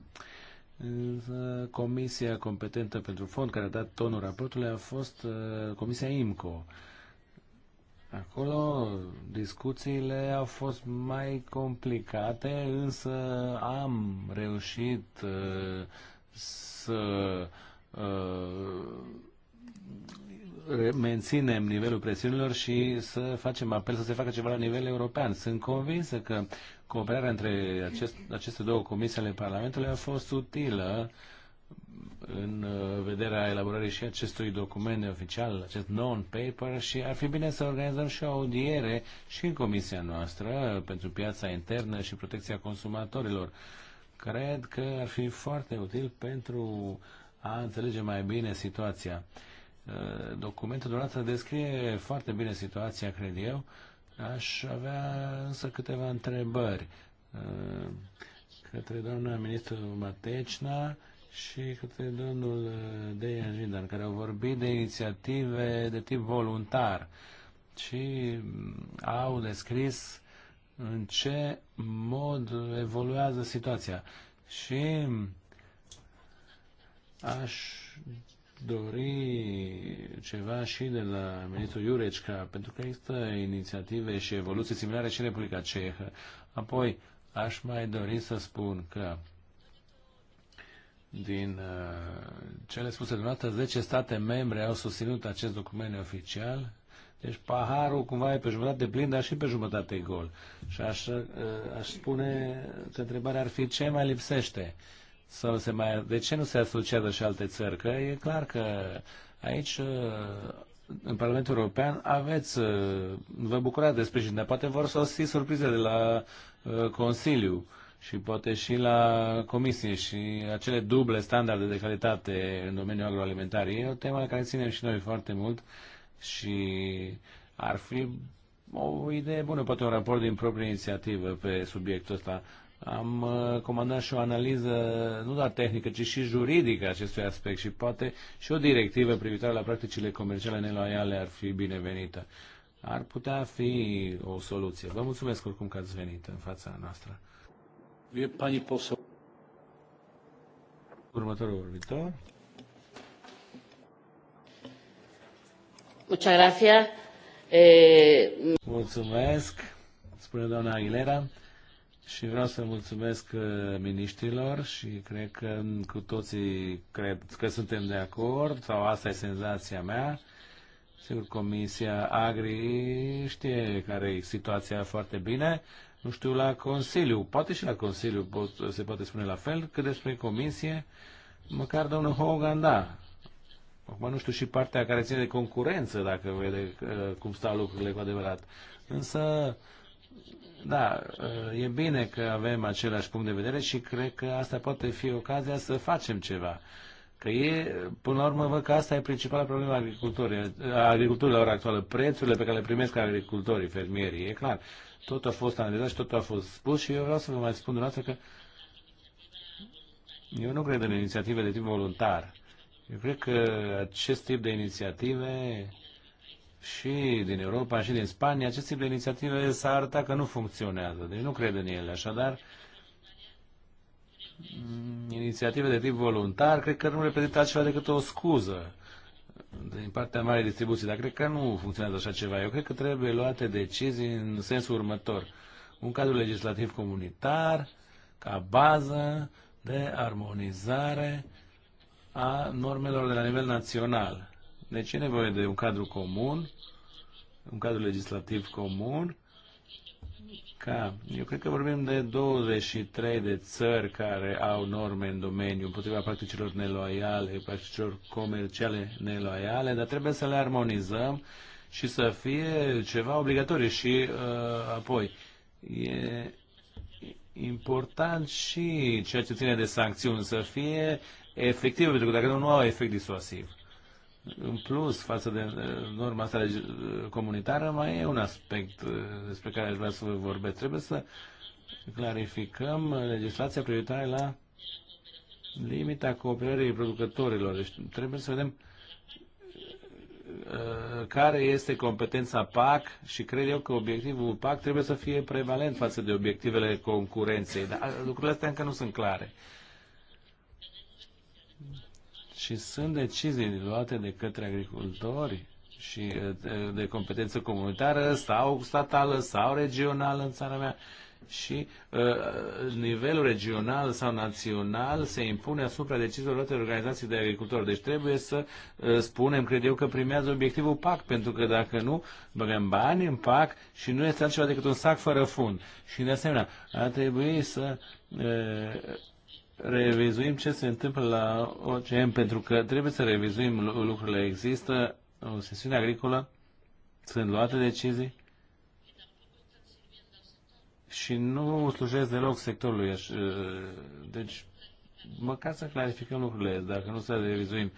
comisia competentă pentru fond care a dat tonul raportului a fost uh, comisia IMCO. Acolo discuțiile au fost mai complicate, însă am reușit uh, să uh, menținem nivelul presiunilor și să facem apel să se facă ceva la nivel european. Sunt convinsă că cooperarea între acest, aceste două comisii ale Parlamentului a fost utilă în uh, vederea elaborării și acestui document oficial, acest non-paper și ar fi bine să organizăm și o audiere și în comisia noastră pentru piața internă și protecția consumatorilor. Cred că ar fi foarte util pentru a înțelege mai bine situația. Uh, documentul dumneavoastră descrie foarte bine situația, cred eu, Aș avea însă câteva întrebări uh, către doamna ministru Matecna și către domnul uh, Deian Jindar, care au vorbit de inițiative de tip voluntar și mm, au descris în ce mod evoluează situația. Și mm, aș dori ceva și de la ministrul Iurecica, pentru că există inițiative și evoluții similare și în Republica Cehă. Apoi, aș mai dori să spun că din uh, cele spuse dumneavoastră, 10 state membre au susținut acest document oficial, deci paharul cumva e pe jumătate plin, dar și pe jumătate gol. Și aș, uh, aș spune că întrebarea ar fi ce mai lipsește. Uh, sau se mai, de ce nu se asociază și alte țări? Că e clar că aici uh, în Parlamentul European aveți, uh, vă bucurați de sprijin, dar poate vor sosi surprize de la uh, Consiliu și poate și la Comisie și acele duble standarde de calitate în domeniul agroalimentar. E o temă la care ținem și noi foarte mult și ar fi o idee bună, poate un raport din proprie inițiativă pe subiectul ăsta am uh, comandat și o analiză nu doar tehnică, ci și juridică acestui aspect și poate și o directivă privitoare la practicile comerciale neloiale ar fi binevenită. Ar putea fi o soluție. Vă mulțumesc oricum că ați venit în fața noastră. Pani posol. Următorul vorbitor. Eh, mulțumesc, spune doamna Aguilera. Și vreau să mulțumesc uh, miniștrilor și cred că cu toții cred că suntem de acord, sau asta e senzația mea. Sigur, Comisia Agri știe care e situația foarte bine. Nu știu, la Consiliu, poate și la Consiliu pot, se poate spune la fel, că despre Comisie, măcar domnul Hogan, da. Acum nu știu și partea care ține de concurență, dacă vede uh, cum stau lucrurile cu adevărat. Însă, da, e bine că avem același punct de vedere și cred că asta poate fi ocazia să facem ceva. Că e, până la urmă, văd că asta e principala problemă a agriculturilor, la ora actuală. Prețurile pe care le primesc agricultorii, fermierii, e clar. Tot a fost analizat și tot a fost spus și eu vreau să vă mai spun dumneavoastră că eu nu cred în inițiative de tip voluntar. Eu cred că acest tip de inițiative și din Europa și din Spania, acest tip de inițiative s-a arătat că nu funcționează, deci nu cred în ele. Așadar, mm, inițiative de tip voluntar, cred că nu reprezintă altceva decât o scuză din partea mare distribuției, dar cred că nu funcționează așa ceva. Eu cred că trebuie luate decizii în sensul următor. Un cadru legislativ comunitar ca bază de armonizare a normelor de la nivel național deci e nevoie de un cadru comun, un cadru legislativ comun, ca, eu cred că vorbim de 23 de țări care au norme în domeniu împotriva practicilor neloiale, practicilor comerciale neloiale, dar trebuie să le armonizăm și să fie ceva obligatoriu și uh, apoi e important și ceea ce ține de sancțiuni să fie efectiv, pentru că dacă nu, nu au efect disuasiv în plus față de eh, norma asta eh, comunitară, mai e un aspect eh, despre care aș vrea să vă vorbesc. Trebuie să clarificăm legislația privitoare la limita cooperării producătorilor. Deci trebuie să vedem care este competența PAC și cred eu că obiectivul PAC trebuie să fie prevalent față de obiectivele concurenței. Dar lucrurile astea încă nu sunt clare și sunt decizii luate de către agricultori și de competență comunitară sau statală sau regională în țara mea și uh, nivelul regional sau național se impune asupra deciziilor luate de organizații de agricultori. Deci trebuie să uh, spunem, cred eu, că primează obiectivul PAC, pentru că dacă nu, băgăm bani în PAC și nu este altceva decât un sac fără fund. Și de asemenea, ar trebui să uh, revizuim ce se întâmplă la OCM, pentru că trebuie să revizuim lucrurile. Există o sesiune agricolă, sunt luate decizii și nu slujesc deloc sectorului. Ă, deci, măcar să clarificăm lucrurile, dacă nu să revizuim.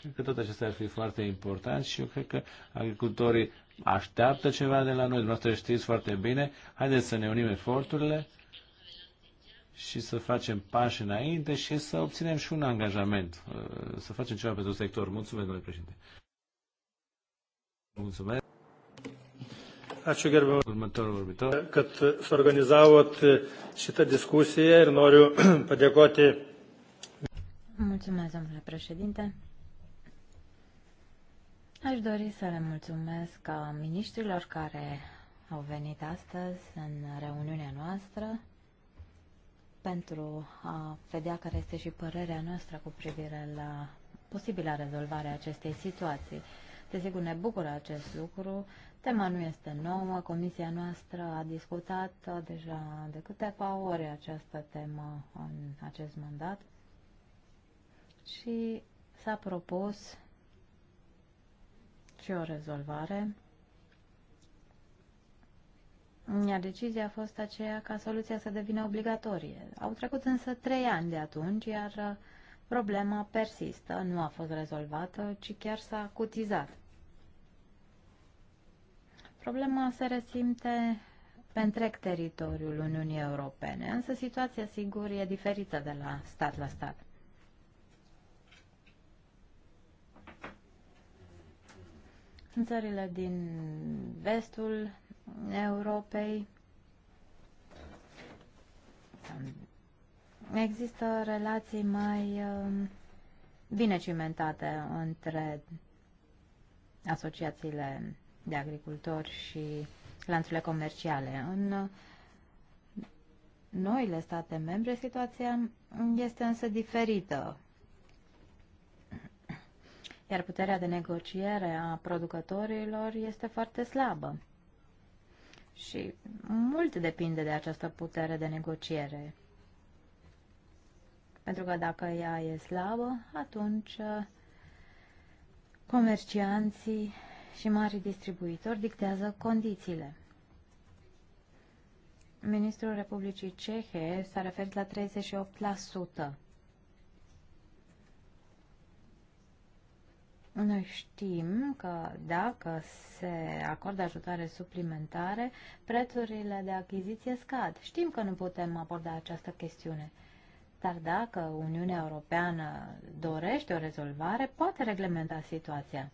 Cred că tot acesta ar fi foarte important și eu cred că agricultorii așteaptă ceva de la noi, dumneavoastră știți foarte bine, haideți să ne unim eforturile și să facem pași înainte și să obținem și un angajament, uh, să facem ceva pentru sector. Mulțumesc, domnule președinte. Mulțumesc. Ačiū gerbiamas, kad suorganizavot uh, šitą diskusiją ir noriu padėkoti. Mulțumesc, domnule președinte. Aș dori să le mulțumesc uh, ministrilor care au venit astăzi în reuniunea noastră pentru a vedea care este și părerea noastră cu privire la posibila rezolvare a acestei situații. Desigur, ne bucură acest lucru. Tema nu este nouă. Comisia noastră a discutat deja de câteva ori această temă în acest mandat și s-a propus și o rezolvare iar decizia a fost aceea ca soluția să devină obligatorie. Au trecut însă trei ani de atunci, iar uh, problema persistă, nu a fost rezolvată, ci chiar s-a cutizat. Problema se resimte pe întreg teritoriul Uniunii Europene, însă situația, sigur, e diferită de la stat la stat. În țările din vestul Europei. Există relații mai um, bine cimentate între asociațiile de agricultori și lanțurile comerciale. În noile state membre, situația este însă diferită. Iar puterea de negociere a producătorilor este foarte slabă. Și mult depinde de această putere de negociere. Pentru că dacă ea e slabă, atunci uh, comercianții și mari distribuitori dictează condițiile. Ministrul Republicii Cehe s-a referit la Noi știm că dacă se acordă ajutoare suplimentare, prețurile de achiziție scad. Știm că nu putem aborda această chestiune. Dar dacă Uniunea Europeană dorește o rezolvare, poate reglementa situația.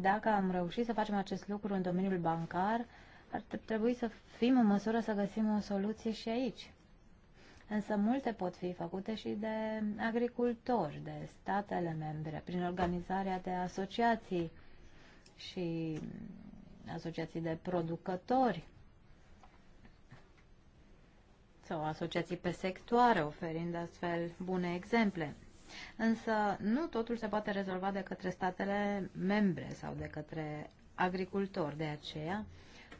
Dacă am reușit să facem acest lucru în domeniul bancar, ar trebui să fim în măsură să găsim o soluție și aici însă multe pot fi făcute și de agricultori, de statele membre, prin organizarea de asociații și asociații de producători sau asociații pe sectoare, oferind astfel bune exemple. Însă nu totul se poate rezolva de către statele membre sau de către agricultori. De aceea,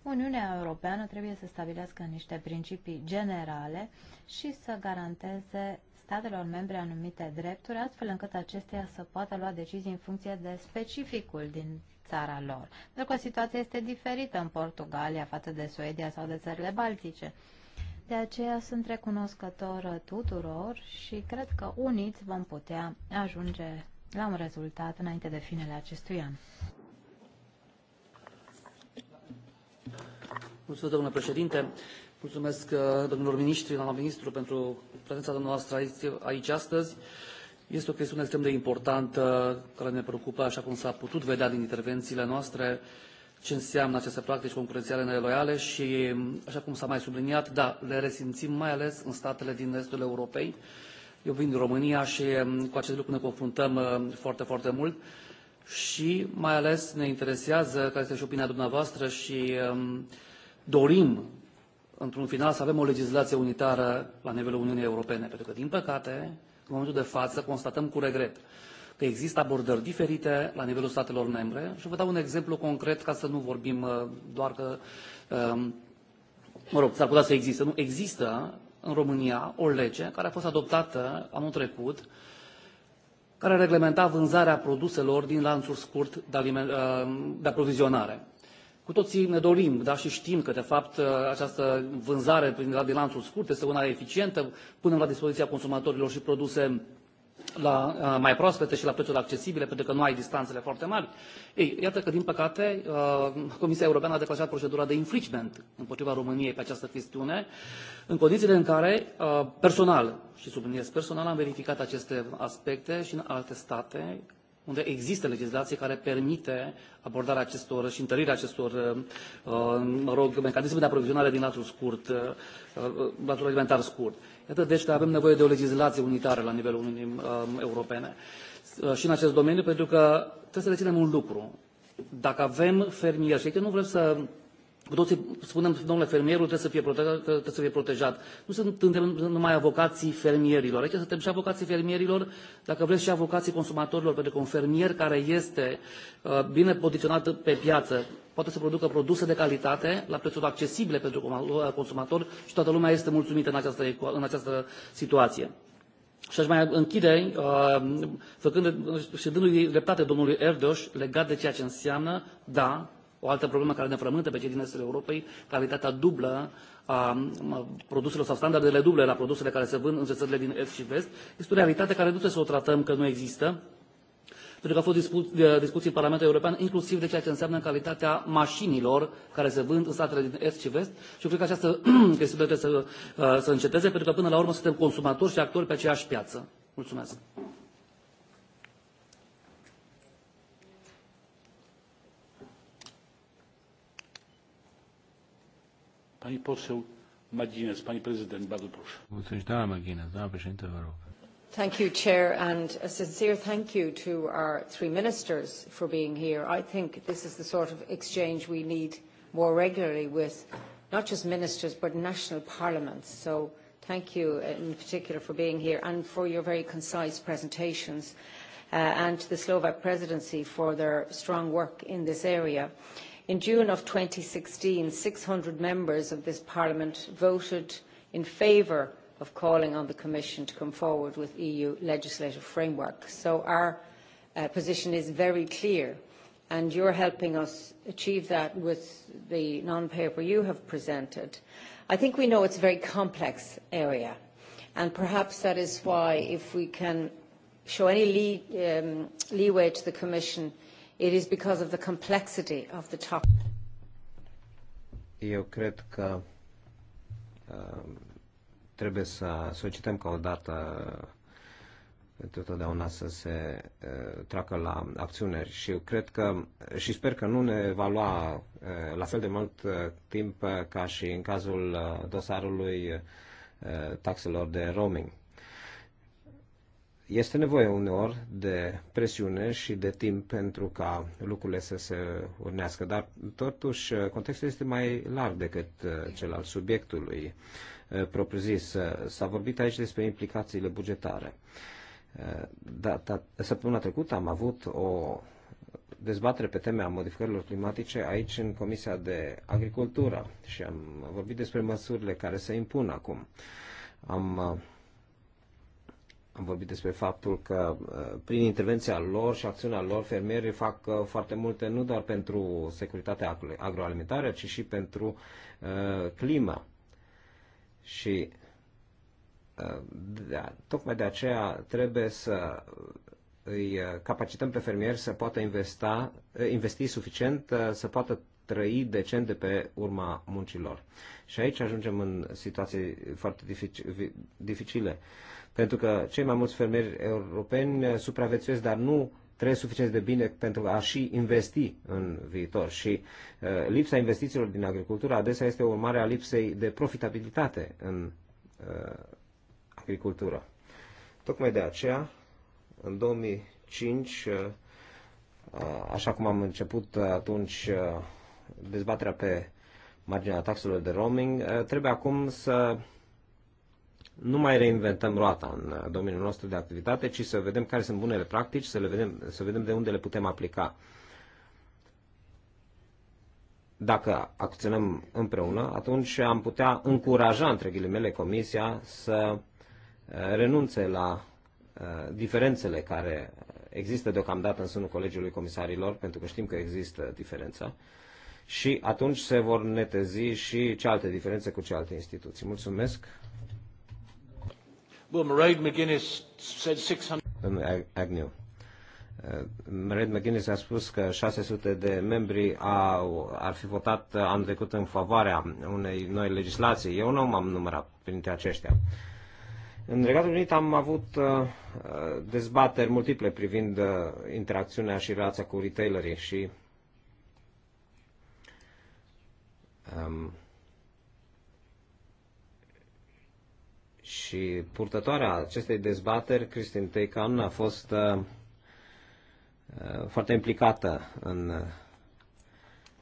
Uniunea Europeană trebuie să stabilească niște principii generale și să garanteze statelor membre anumite drepturi, astfel încât acestea să poată lua decizii în funcție de specificul din țara lor. Pentru că situația este diferită în Portugalia față de Suedia sau de țările baltice. De aceea sunt recunoscător tuturor și cred că uniți vom putea ajunge la un rezultat înainte de finele acestui an. Mulțumesc, domnule președinte. Mulțumesc uh, domnilor miniștri, doamna ministru, pentru prezența dumneavoastră aici astăzi. Este o chestiune extrem de importantă care ne preocupă, așa cum s-a putut vedea din intervențiile noastre, ce înseamnă aceste practici concurențiale neloiale și, așa cum s-a mai subliniat, da, le resimțim mai ales în statele din estul Europei. Eu vin din România și um, cu acest lucru ne confruntăm uh, foarte, foarte mult și mai ales ne interesează care este și opinia dumneavoastră și uh, dorim într-un final să avem o legislație unitară la nivelul Uniunii Europene, pentru că, din păcate, în momentul de față, constatăm cu regret că există abordări diferite la nivelul statelor membre și vă dau un exemplu concret ca să nu vorbim uh, doar că, um, mă rog, s-ar putea să existe. Nu, există în România o lege care a fost adoptată anul trecut care reglementa vânzarea produselor din lanțuri scurt de, uh, de aprovizionare. Cu toții ne dorim dar și știm că, de fapt, ă, această vânzare prin din lanțuri scurt este una eficientă, punem la dispoziția consumatorilor și produse la, ă, mai proaspete și la prețuri accesibile, pentru că nu ai distanțele foarte mari. Ei, iată că, din păcate, ă, Comisia Europeană a declanșat procedura de infringement împotriva României pe această chestiune, în condițiile în care, personal, și subliniez personal, am verificat aceste aspecte și în alte state unde există legislație care permite abordarea acestor și întărirea acestor, uh, uh, mă rog, mecanisme de aprovizionare din latul scurt, latul uh, alimentar scurt. Iată, deci, avem nevoie de o legislație unitară la nivelul Uniunii Europene și în acest domeniu, pentru că trebuie să reținem un lucru. Dacă avem fermieri, și aici nu vrem să cu toții spunem, domnule, fermierul trebuie să fie protejat. Trebuie să fie protejat. Nu suntem numai avocații fermierilor. Aici suntem și avocații fermierilor, dacă vreți, și avocații consumatorilor, pentru că un fermier care este uh, bine poziționat pe piață poate să producă produse de calitate la prețuri accesibile pentru consumator uh, și toată lumea este mulțumită în această, în această situație. Și aș mai închide, uh, făcând și dându-i dreptate domnului Erdos legat de ceea ce înseamnă, da, o altă problemă care ne frământă pe cei din estul Europei, calitatea dublă a produselor sau standardele duble la produsele care se vând în țările din est și vest, este o realitate care nu trebuie să o tratăm că nu există, pentru că au fost discu discuții în Parlamentul European, inclusiv de ceea ce înseamnă calitatea mașinilor care se vând în statele din est și vest. Și eu cred că această chestiune trebuie să, uh, să înceteze, pentru că până la urmă suntem consumatori și actori pe aceeași piață. Mulțumesc! Pani poseł McGuinness, pani prezydent, bardzo proszę. Mulțumesc, doamna McGuinness, doamna președinte, vă Thank you, Chair, and a sincere thank you to our three ministers for being here. I think this is the sort of exchange we need more regularly with not just ministers but national parliaments. So thank you uh, in particular for being here and for your very concise presentations uh, and to the Slovak presidency for their strong work in this area. Uh, In June two thousand and sixteen six hundred members of this Parliament voted in favour of calling on the Commission to come forward with EU legislative framework. So our uh, position is very clear, and you are helping us achieve that with the non-paper you have presented. I think we know it is a very complex area, and perhaps that is why if we can show any lee, um, leeway to the Commission – It is because of the complexity of the topic. Eu cred că um, trebuie să solicităm ca odată totdeauna să se uh, treacă la acțiune și eu cred că și sper că nu ne va lua uh, la fel de mult uh, timp ca și în cazul uh, dosarului uh, taxelor de roaming este nevoie uneori de presiune și de timp pentru ca lucrurile să se urnească, dar totuși uh, contextul este mai larg decât uh, cel al subiectului uh, propriu-zis. S-a vorbit aici despre implicațiile bugetare. Data, da, săptămâna trecută am avut o dezbatere pe temea modificărilor climatice aici în Comisia de Agricultură și am vorbit despre măsurile care se impun acum. Am am vorbit despre faptul că uh, prin intervenția lor și acțiunea lor, fermierii fac uh, foarte multe nu doar pentru securitatea agroalimentară, ci și pentru uh, climă. clima. Și de, tocmai de aceea trebuie să îi capacităm pe fermieri să poată investa, investi suficient, să poată trăi decent de pe urma muncilor. Și aici ajungem în situații foarte dificile pentru că cei mai mulți fermieri europeni supraviețuiesc, dar nu trăiesc suficient de bine pentru a și investi în viitor. Și uh, lipsa investițiilor din agricultură adesea este o mare a lipsei de profitabilitate în uh, agricultură. Tocmai de aceea, în 2005, uh, așa cum am început atunci uh, dezbaterea pe marginea taxelor de roaming, uh, trebuie acum să nu mai reinventăm roata în uh, domeniul nostru de activitate, ci să vedem care sunt bunele practici, să, le vedem, să vedem de unde le putem aplica. Dacă acționăm împreună, atunci am putea încuraja, între ghilimele, Comisia să uh, renunțe la uh, diferențele care există deocamdată în sânul Colegiului Comisarilor, pentru că știm că există diferența, și atunci se vor netezi și cealaltă diferențe cu cealaltă instituții. Mulțumesc! Well, Mairead McGuinness said 600... Agnew. Uh, Mairead McGuinness a spus că 600 de membri au, ar fi votat anul trecut în favoarea unei noi legislații. Eu nu m-am numărat printre aceștia. În Regatul Unit am avut uh, dezbateri multiple privind uh, interacțiunea și relația cu retailerii și um, și purtătoarea acestei dezbateri, Cristin Teican, a fost uh, uh foarte implicată în uh,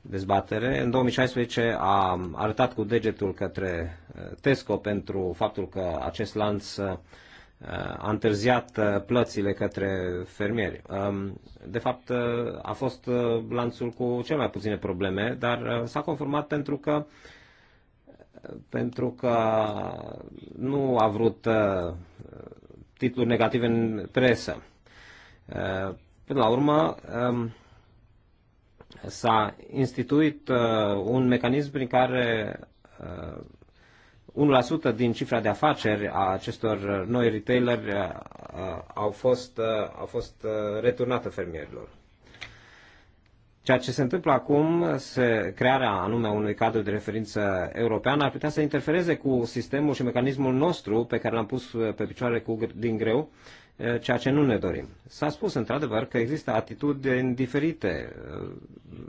dezbatere. În 2016 a arătat cu degetul către uh, Tesco pentru faptul că acest lanț a întârziat plățile către fermieri. Um, de fapt, a fost lanțul cu cel mai puține probleme, dar s-a conformat pentru că pentru că nu a vrut uh, titluri negative în presă. Uh, până la urmă, um, s-a instituit uh, un mecanism prin care 1% din cifra de afaceri a acestor noi retaileri au fost, au fost returnată fermierilor. Ceea ce se întâmplă acum, se, crearea anume unui cadru de referință european, ar putea să interfereze cu sistemul și mecanismul nostru pe care l-am pus pe picioare cu, din greu, eh, ceea ce nu ne dorim. S-a spus într-adevăr că există atitudini diferite eh,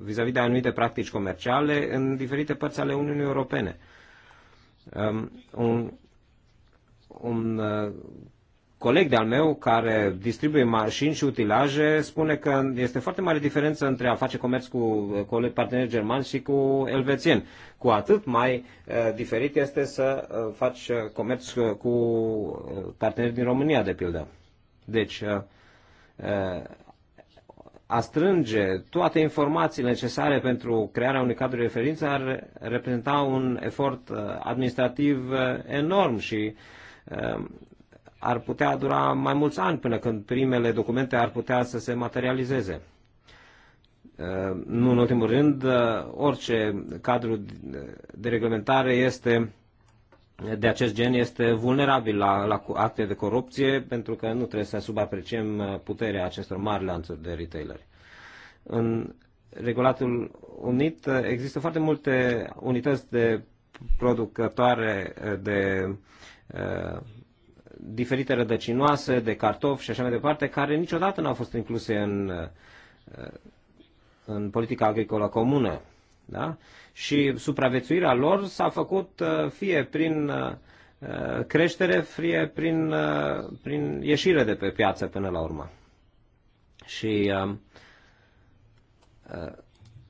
vis-a-vis -vis de anumite practici comerciale în diferite părți ale Uniunii Europene. Um, un, un eh, coleg de-al meu care distribuie mașini și utilaje spune că este foarte mare diferență între a face comerț cu uh, colegi parteneri germani și cu elvețieni. Cu atât mai uh, diferit este să uh, faci comerț cu parteneri din România, de pildă. Deci, a strânge toate informațiile necesare pentru crearea unui cadru de referință ar reprezenta un efort administrativ enorm și ar putea dura mai mulți ani până când primele documente ar putea să se materializeze. Uh, nu în ultimul rând, uh, orice cadru de reglementare este de acest gen este vulnerabil la, la acte de corupție pentru că nu trebuie să subapreciem uh, puterea acestor mari lanțuri de retaileri. În Regulatul Unit există foarte multe unități de producătoare de diferite rădăcinoase, de cartofi și așa mai departe, care niciodată nu au fost incluse în, uh, în politica agricolă comună. Da? Și supraviețuirea lor s-a făcut uh, fie prin uh, creștere, fie prin, prin ieșire de pe piață până la urmă. Și um,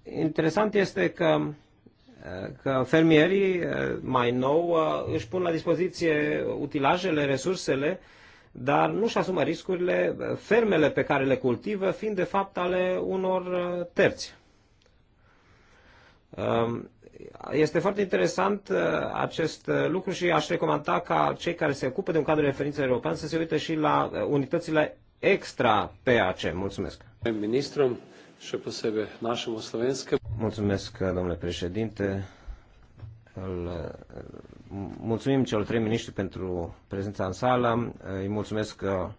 interesant este că că fermierii eh, mai nou eh, își pun la dispoziție utilajele, resursele, dar nu-și asumă riscurile, eh, fermele pe care le cultivă fiind de fapt ale unor terți. Um, este foarte interesant acest lucru și aș recomanda ca cei care se ocupă de un cadru de referință european să se uite și la unitățile extra PAC. Mulțumesc! Ministru, și posebe našemu slovenskem. Mulțumesc, domnule președinte. Îl, mulțumim celor trei miniștri pentru prezența în sală. Îi mulțumesc, uh,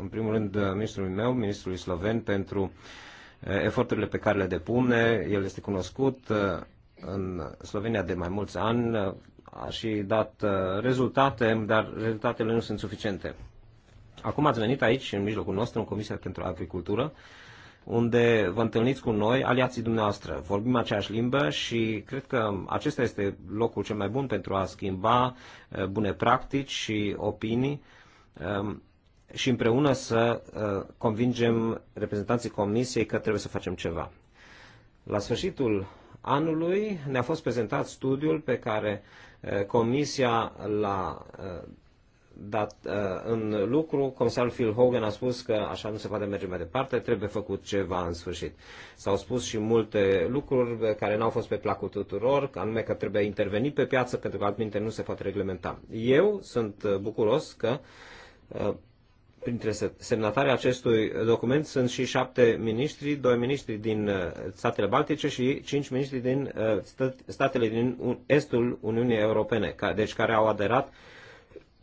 în primul rând, ministrului meu, ministrului sloven, pentru uh, eforturile pe care le depune. El este cunoscut uh, în Slovenia de mai mulți ani, a și dat rezultate, dar rezultatele nu sunt suficiente. Acum ați venit aici, în mijlocul nostru, în Comisia pentru Agricultură, unde vă întâlniți cu noi, aliații dumneavoastră. Vorbim aceeași limbă și cred că acesta este locul cel mai bun pentru a schimba uh, bune practici și opinii um, și împreună să uh, convingem reprezentanții Comisiei că trebuie să facem ceva. La sfârșitul anului ne-a fost prezentat studiul pe care uh, Comisia l-a dat, uh, în lucru. Comisarul Phil Hogan a spus că așa nu se poate merge mai departe, trebuie făcut ceva în sfârșit. S-au spus și multe lucruri uh, care n-au fost pe placul tuturor, anume că trebuie intervenit pe piață pentru că altminte nu se poate reglementa. Eu sunt uh, bucuros că printre semnatarii acestui document sunt și șapte miniștri, doi miniștri din statele Baltice și cinci miniștri din statele din estul Uniunii Europene, deci care au aderat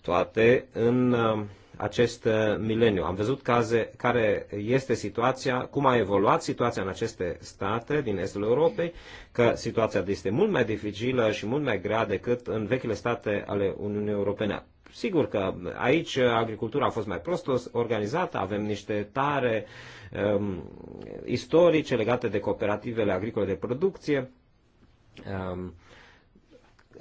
toate în uh, acest uh, mileniu. Am văzut caze, care este situația, cum a evoluat situația în aceste state din estul Europei, că situația este mult mai dificilă și mult mai grea decât în vechile state ale Uniunii Europene. Sigur că aici uh, agricultura a fost mai prost organizată, avem niște tare um, istorice legate de cooperativele agricole de producție, um,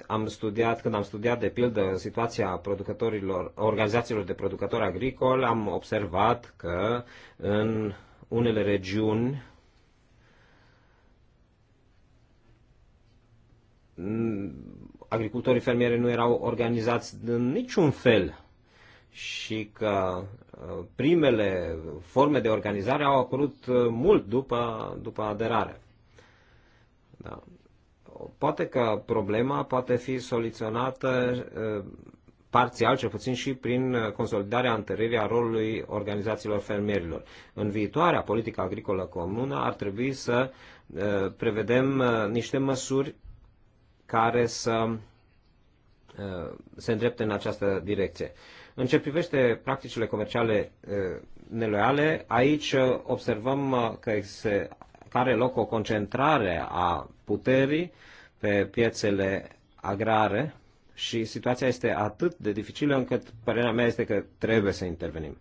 am studiat, când am studiat, de pildă, situația producătorilor, organizațiilor de producători agricoli, am observat că în unele regiuni agricultorii fermieri nu erau organizați în niciun fel și că uh, primele forme de organizare au apărut uh, mult după, după aderare. Da poate că problema poate fi soluționată parțial, cel puțin și prin consolidarea întăririi a rolului organizațiilor fermierilor. În viitoarea politică agricolă comună ar trebui să prevedem niște măsuri care să se îndrepte în această direcție. În ce privește practicile comerciale neloiale, aici observăm că se are loc o concentrare a puterii pe piețele agrare și situația este atât de dificilă încât părerea mea este că trebuie să intervenim.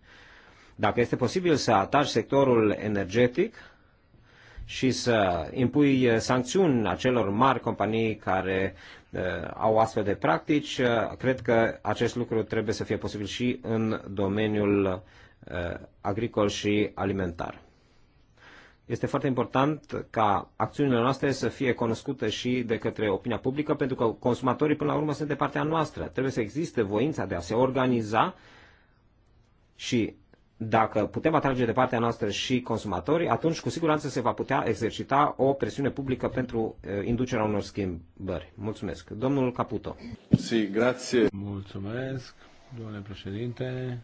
Dacă este posibil să ataci sectorul energetic și să impui uh, sancțiuni acelor mari companii care uh, au astfel de practici, uh, cred că acest lucru trebuie să fie posibil și în domeniul uh, agricol și alimentar. Este foarte important ca acțiunile noastre să fie cunoscute și de către opinia publică, pentru că consumatorii, până la urmă, sunt de partea noastră. Trebuie să existe voința de a se organiza și dacă putem atrage de partea noastră și consumatorii, atunci cu siguranță se va putea exercita o presiune publică pentru inducerea unor schimbări. Mulțumesc. Domnul Caputo. Si, grație. Mulțumesc, domnule președinte.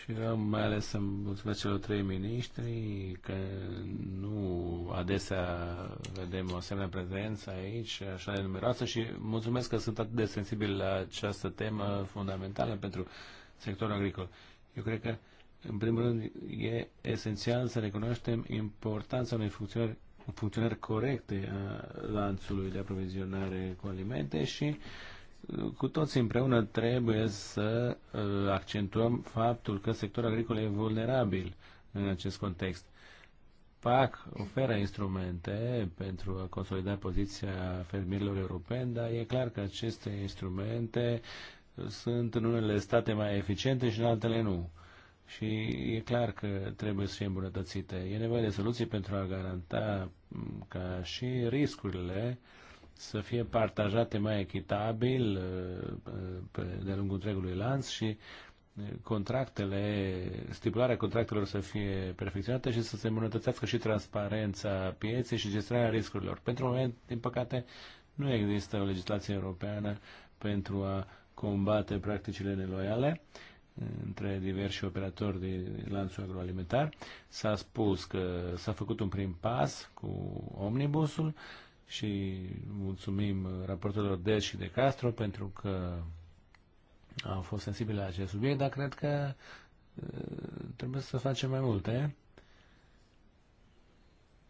Și vreau mai ales să mulțumesc celor trei miniștri că nu adesea vedem o asemenea prezență aici, așa de numeroasă și mulțumesc că sunt atât de sensibili la această temă fundamentală pentru sectorul agricol. Eu cred că, în primul rând, e esențial să recunoaștem importanța unei funcționări funcționări corecte a lanțului de aprovizionare cu alimente și uh, cu toți împreună trebuie să uh, accentuăm faptul că sectorul agricol e vulnerabil în acest context. PAC oferă instrumente pentru a consolida poziția fermierilor europeni, dar e clar că aceste instrumente sunt în unele state mai eficiente și în altele nu. Și e clar că trebuie să fie îmbunătățite. E nevoie de soluții pentru a garanta mm, ca și riscurile uh, să fie partajate mai echitabil uh, de-a lungul întregului lanț și uh, contractele, stipularea contractelor să fie perfecționată și să se îmbunătățească și transparența pieței și gestionarea riscurilor. Pentru moment, din păcate, nu există o legislație europeană pentru a combate practicile neloiale uh, între diversi operatori din lanțul agroalimentar. S-a spus că s-a făcut un prim pas cu omnibusul și mulțumim raportorilor Des și De Castro pentru că au fost sensibile la acest subiect, dar cred că uh, trebuie să facem mai multe.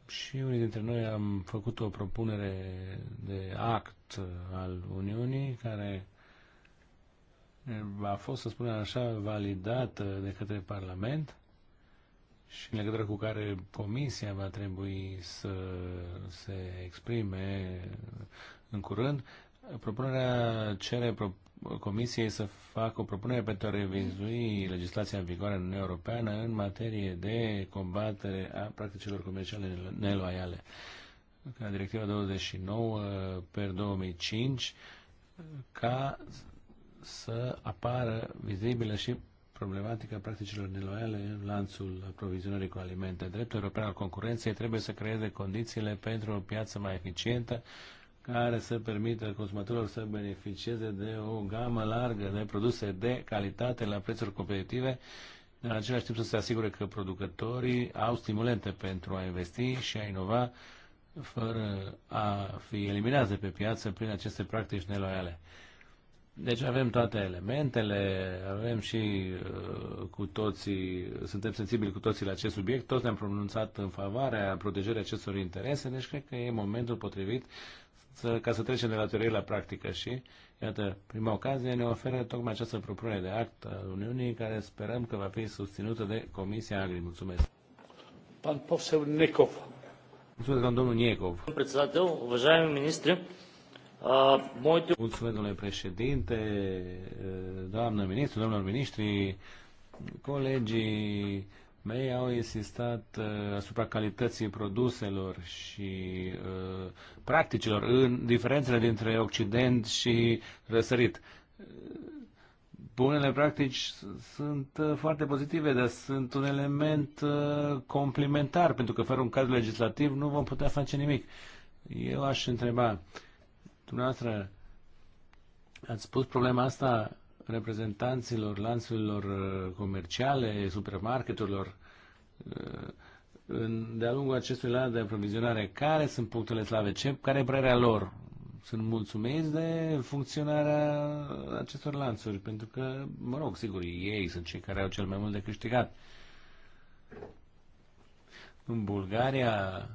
Și unii dintre noi am făcut o propunere de act al Uniunii care a fost, să spunem așa, validată de către Parlament și în legătură cu care Comisia va trebui să se exprime în curând. Propunerea cere pro Comisiei să facă o propunere pentru a revizui legislația în vigoare în Uniunea Europeană în materie de combatere a practicilor comerciale neloiale. Ca directiva 29 per 2005 ca să apară vizibile și problematica practicilor neloiale în lanțul aprovizionării cu alimente. Dreptul european al concurenței trebuie să creeze condițiile pentru o piață mai eficientă care să permită consumatorilor să beneficieze de o gamă largă de produse de calitate la prețuri competitive, dar în același timp să se asigure că producătorii au stimulente pentru a investi și a inova fără a fi eliminate pe piață prin aceste practici neloiale. Deci avem toate elementele, avem și uh, cu toții, suntem sensibili cu toții la acest subiect, toți ne-am pronunțat în favoarea protejării acestor interese, deci cred că e momentul potrivit să, ca să trecem de la teorie la practică și, iată, prima ocazie ne oferă tocmai această propunere de act a Uniunii, care sperăm că va fi susținută de Comisia Agri. Mulțumesc! Pan Poseu Necov. Mulțumesc, domnul Necov. Председател, уважаеми министри, Mulțumesc, domnule președinte, doamnă ministru, domnilor ministri, colegii mei au insistat uh, asupra calității produselor și uh, practicilor în diferențele dintre Occident și răsărit. Bunele practici sunt uh, foarte pozitive, dar sunt un element complementar, pentru că fără un cadru legislativ nu vom putea face nimic. Eu aș întreba, Dumneavoastră ați spus problema asta reprezentanților lanțurilor uh, comerciale, supermarketurilor, uh, de-a lungul acestui lanț de aprovizionare, care sunt punctele slabe? Ce, care e părerea lor? Sunt mulțumiți de funcționarea acestor lanțuri, pentru că, mă rog, sigur, ei sunt cei care au cel mai mult de câștigat. În Bulgaria,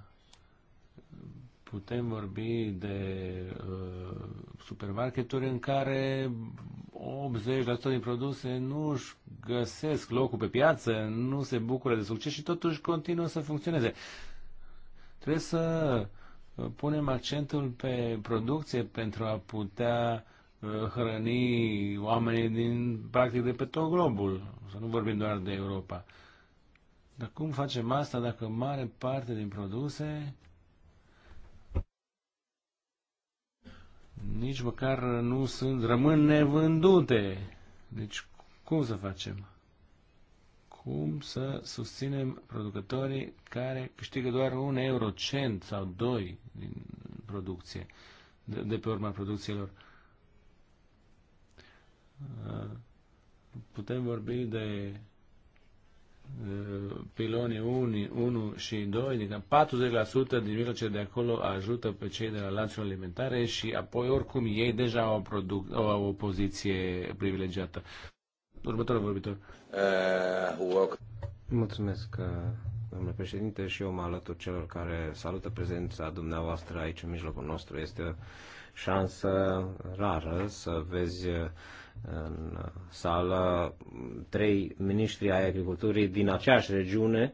putem vorbi de uh, supermarketuri în care 80% din produse nu își găsesc locul pe piață, nu se bucură de succes și totuși continuă să funcționeze. Trebuie să uh, punem accentul pe producție pentru a putea uh, hrăni oamenii din practic de pe tot globul, să nu vorbim doar de Europa. Dar cum facem asta dacă mare parte din produse nici măcar nu sunt, rămân nevândute. Deci cum să facem? Cum să susținem producătorii care câștigă doar un eurocent sau doi din producție, de, de pe urma producțiilor? Putem vorbi de pilonii 1, 1 și 2, adică 40% din mijloace de acolo ajută pe cei de la lanțul alimentare și apoi oricum ei deja au, o, produc, au o poziție privilegiată. Următorul vorbitor. Uh, Mulțumesc, uh, domnule președinte, și eu mă alătur celor care salută prezența dumneavoastră aici în mijlocul nostru. Este o șansă rară să vezi uh, în sală trei miniștri ai agriculturii din aceeași regiune,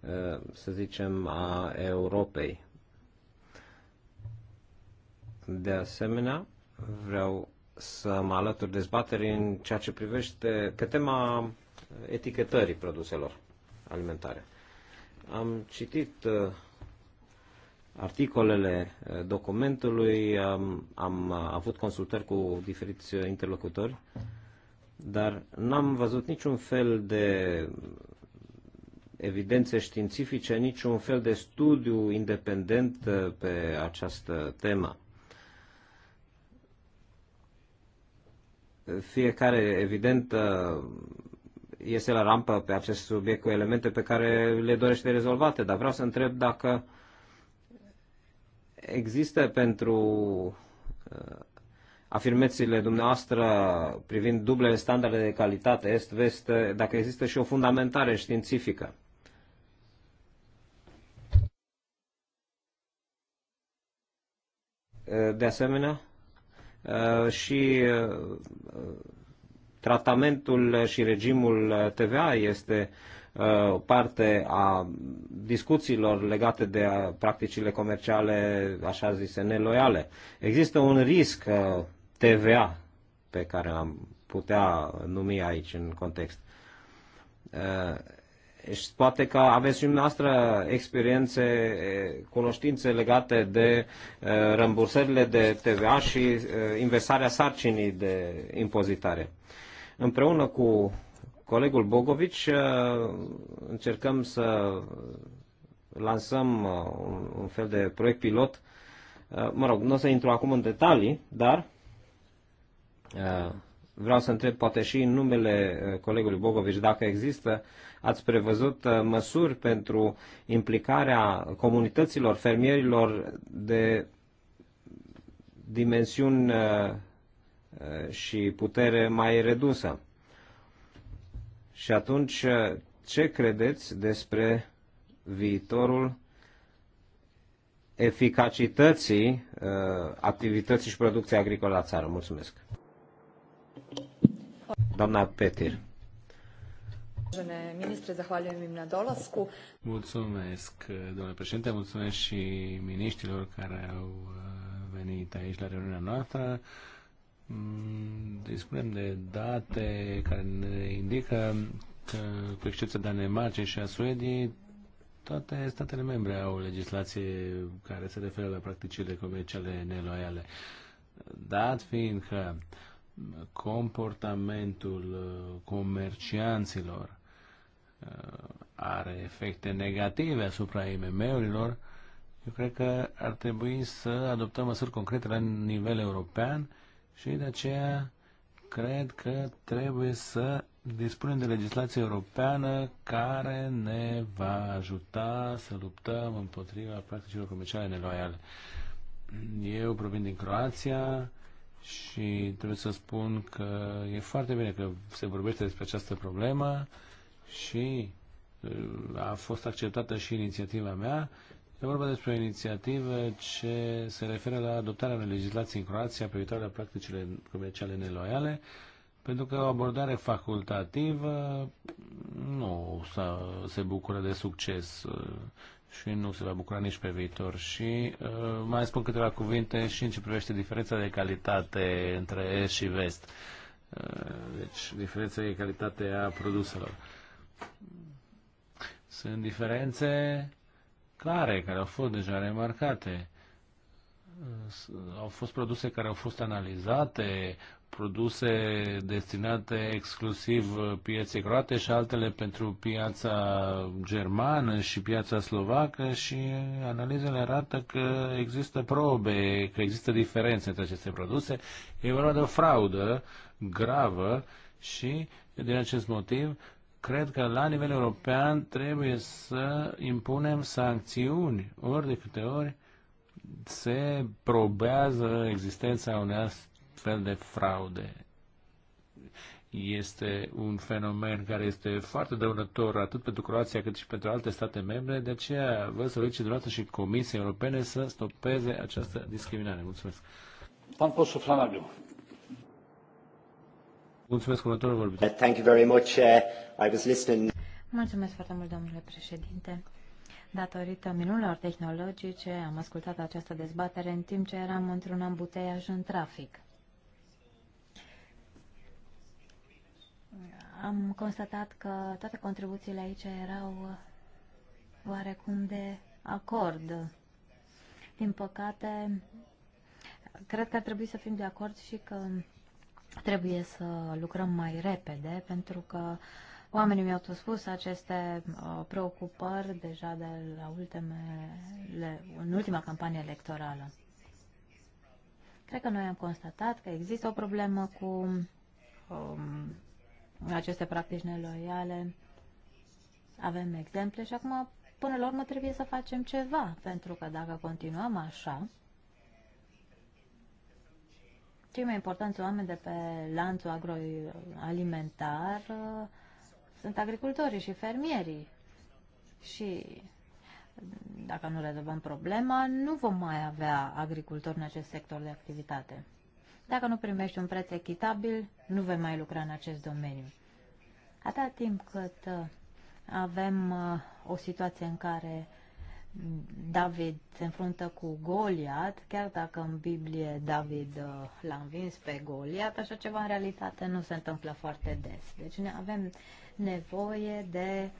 uh, să zicem, a Europei. De asemenea, vreau să mă alătur dezbaterii în ceea ce privește pe tema etichetării produselor alimentare. Am citit uh, articolele eh, documentului, am, am avut consultări cu diferiți interlocutori, dar n-am văzut niciun fel de evidențe științifice, niciun fel de studiu independent eh, pe această temă. Fiecare, evident, eh, iese la rampă pe acest subiect cu elemente pe care le dorește rezolvate, dar vreau să întreb dacă există pentru uh, afirmațiile dumneavoastră privind dublele standarde de calitate est-vest, dacă există și o fundamentare științifică. Uh, de asemenea, uh, și tratamentul și regimul TVA este uh, Uh, parte a discuțiilor legate de uh, practicile comerciale, așa zise, neloiale. Există un risc uh, TVA pe care am putea numi aici în context. Și poate că aveți și noastră experiențe, cunoștințe legate de rambursările de TVA și inversarea sarcinii de impozitare. Împreună cu colegul Bogovici uh, încercăm să lansăm uh, un fel de proiect pilot. Uh, mă rog, nu o să intru acum în detalii, dar vreau să întreb poate și în numele colegului Bogovici dacă există, ați prevăzut măsuri pentru implicarea comunităților fermierilor de dimensiuni și putere mai redusă. Și atunci, ce credeți despre viitorul eficacității uh, activității și producției agricole la țară? Mulțumesc. Doamna Petir. Ministre, zahvaljujem im na dolasku. Mulțumesc, domnule președinte, mulțumesc și ministrilor care au uh, venit aici la reuniunea noastră. Mm, dispunem de date care ne indică că, cu excepția Danemarcei și a Suediei, toate statele membre au legislație care se referă la practicile comerciale neloiale. Dat fiind că comportamentul uh, comercianților uh, are efecte negative asupra IMM-urilor, eu cred că ar trebui să adoptăm măsuri concrete la nivel european și de aceea cred că trebuie să dispunem de legislație europeană care ne va ajuta să luptăm împotriva practicilor comerciale neloiale. Eu provin din Croația și trebuie să spun că e foarte bine că se vorbește despre această problemă și uh, a fost acceptată și inițiativa mea E vorba despre o inițiativă ce se referă la adoptarea unei legislații în Croația privitoare la practicile comerciale neloiale, pentru că o abordare facultativă nu se bucură de succes uh, și nu se va bucura nici pe viitor. Și uh, mai spun câteva cuvinte și în ce privește diferența de calitate între est și vest. Uh, deci, diferența de calitate a produselor. Sunt diferențe clare, care au fost deja remarcate. Au fost produse care au fost analizate, produse destinate exclusiv pieței croate și altele pentru piața germană și piața slovacă și analizele arată că există probe, că există diferențe între aceste produse. E vorba de o fraudă gravă și din acest motiv cred că la nivel european trebuie să impunem sancțiuni ori de câte ori se probează existența unei astfel de fraude. Este un fenomen care este foarte dăunător atât pentru Croația cât și pentru alte state membre, de aceea vă solicit dumneavoastră și Comisia Europene să stopeze această discriminare. Mulțumesc. Pan Flanagiu. Mulțumesc, următorul vorbitor. Uh, thank you very much. Uh, I was listening. Mulțumesc foarte mult, domnule președinte. Datorită minunilor tehnologice, am ascultat această dezbatere în timp ce eram într-un ambuteiaj în trafic. Am constatat că toate contribuțiile aici erau oarecum de acord. Din păcate, cred că ar trebui să fim de acord și că Trebuie să lucrăm mai repede pentru că oamenii mi-au tot spus aceste uh, preocupări deja de la ultimele, în ultima campanie electorală. Cred că noi am constatat că există o problemă cu um, aceste practici neloiale. Avem exemple și acum, până la urmă, trebuie să facem ceva, pentru că dacă continuăm așa, cei mai importanți oameni de pe lanțul agroalimentar uh, sunt agricultorii și fermierii. Și dacă nu rezolvăm problema, nu vom mai avea agricultori în acest sector de activitate. Dacă nu primești un preț echitabil, nu vei mai lucra în acest domeniu. Atâta timp cât uh, avem uh, o situație în care David se înfruntă cu Goliat, chiar dacă în Biblie David uh, l-a învins pe Goliat, așa ceva în realitate nu se întâmplă foarte des. Deci ne avem nevoie de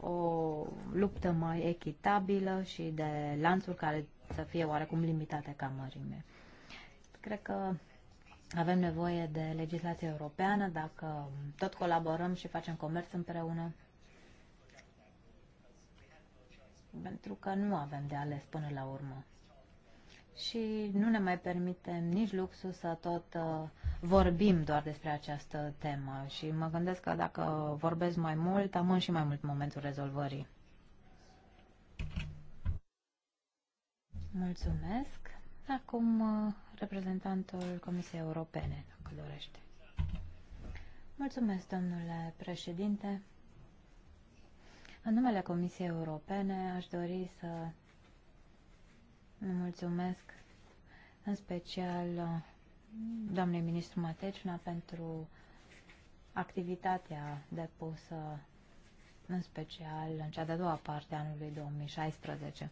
o luptă mai echitabilă și de lanțuri care să fie oarecum limitate ca mărime. Cred că avem nevoie de legislație europeană dacă tot colaborăm și facem comerț împreună pentru că nu avem de ales până la urmă. Și nu ne mai permitem nici luxul să tot uh, vorbim doar despre această temă și mă gândesc că dacă vorbesc mai mult, amân și mai mult momentul rezolvării. Mulțumesc. Acum uh, reprezentantul Comisiei Europene, dacă dorește. Mulțumesc, domnule președinte. În numele Comisiei Europene aș dori să mulțumesc în special uh, doamnei ministru Matecina pentru activitatea depusă în special în cea de-a doua parte a anului 2016.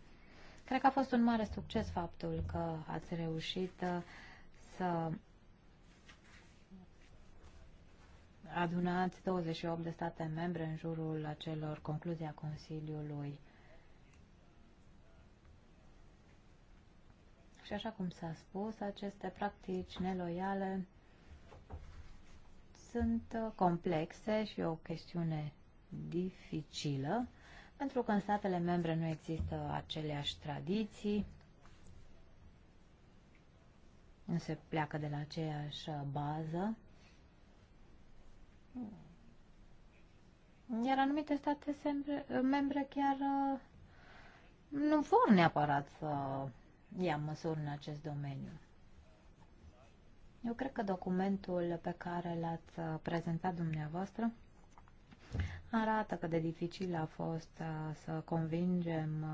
Cred că a fost un mare succes faptul că ați reușit uh, să adunat 28 de state membre în jurul acelor concluzii a Consiliului. Și așa cum s-a spus, aceste practici neloiale sunt uh, complexe și o chestiune dificilă, pentru că în statele membre nu există aceleași tradiții, nu se pleacă de la aceeași bază Hmm. Iar anumite state membre chiar uh, nu vor neapărat să ia măsuri în acest domeniu. Eu cred că documentul pe care l-ați uh, prezentat dumneavoastră arată că de dificil a fost uh, să convingem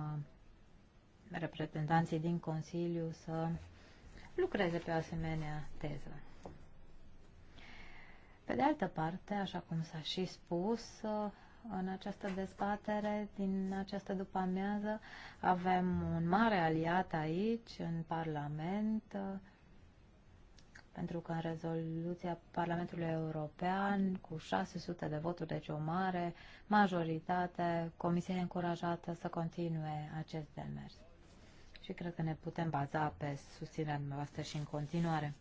reprezentanții din Consiliu să lucreze pe o asemenea teză. Pe de altă parte, așa cum s-a și spus, în această dezbatere, din această după-amiază, avem un mare aliat aici, în Parlament, pentru că în rezoluția Parlamentului European, cu 600 de voturi, deci o mare majoritate, Comisia e încurajată să continue acest demers. Și cred că ne putem baza pe susținerea noastră și în continuare.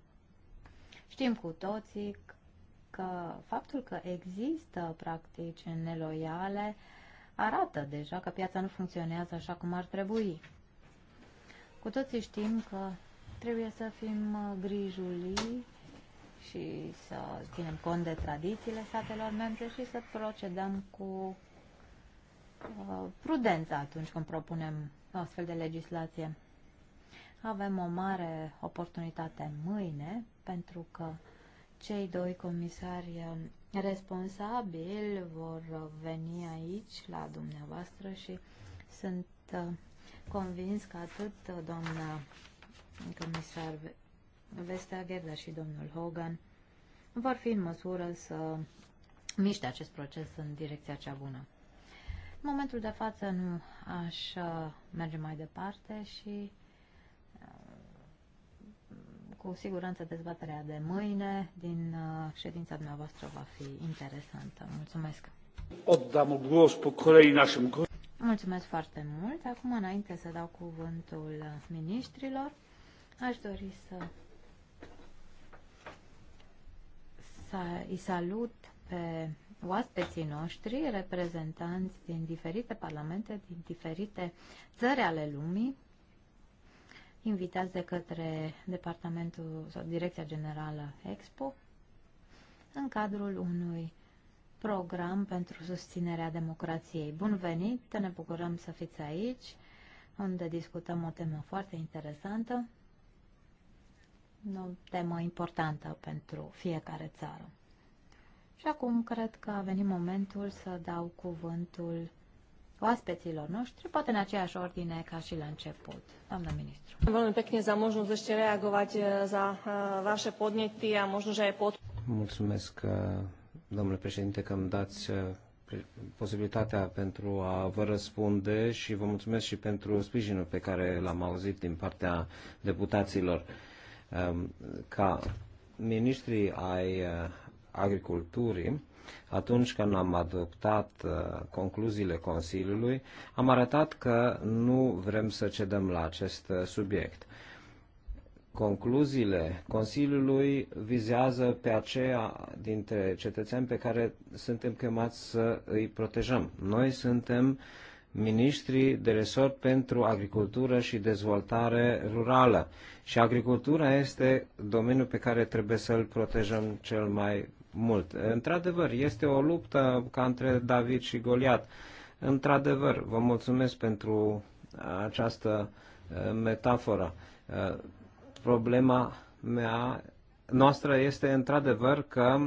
Știm cu toții că faptul că există practici neloiale arată deja că piața nu funcționează așa cum ar trebui. Cu toții știm că trebuie să fim grijuli și să ținem cont de tradițiile statelor membre și să procedăm cu uh, prudență atunci când propunem o astfel de legislație. Avem o mare oportunitate mâine pentru că cei doi comisari um, responsabili vor veni aici la dumneavoastră și sunt uh, convins că atât doamna comisar Vestager, dar și domnul Hogan vor fi în măsură să miște acest proces în direcția cea bună. În momentul de față nu aș uh, merge mai departe și cu siguranță dezbaterea de mâine din uh, ședința dumneavoastră va fi interesantă. Mulțumesc! Oddam głos po kolei naszym Mulțumesc foarte mult. Acum, înainte să dau cuvântul ministrilor, aș dori să, să îi salut pe oaspeții noștri, reprezentanți din diferite parlamente, din diferite țări ale lumii, invitați de către Departamentul sau Direcția Generală Expo în cadrul unui program pentru susținerea democrației. Bun venit, ne bucurăm să fiți aici, unde discutăm o temă foarte interesantă, o temă importantă pentru fiecare țară. Și acum cred că a venit momentul să dau cuvântul oaspeților noștri, poate în aceeași ordine ca și la început. Doamna ministru. vă mulțumesc za možnosť ešte reagovať eh, za eh, vaše podnety a možno, že aj pod... Mulțumesc, eh, domnule președinte, că îmi dați posibilitatea pentru a vă răspunde și vă mulțumesc și pentru sprijinul pe care l-am auzit din partea deputaților. Ca ministrii ai agriculturii, atunci când am adoptat uh, concluziile Consiliului, am arătat că nu vrem să cedăm la acest uh, subiect. Concluziile Consiliului vizează pe aceia dintre cetățeni pe care suntem chemați să îi protejăm. Noi suntem ministrii de resort pentru agricultură și dezvoltare rurală. Și agricultura este domeniul pe care trebuie să-l protejăm cel mai mult. Într-adevăr, este o luptă ca între David și Goliat. Într-adevăr, vă mulțumesc pentru uh, această uh, metaforă. Uh, problema mea noastră este într-adevăr că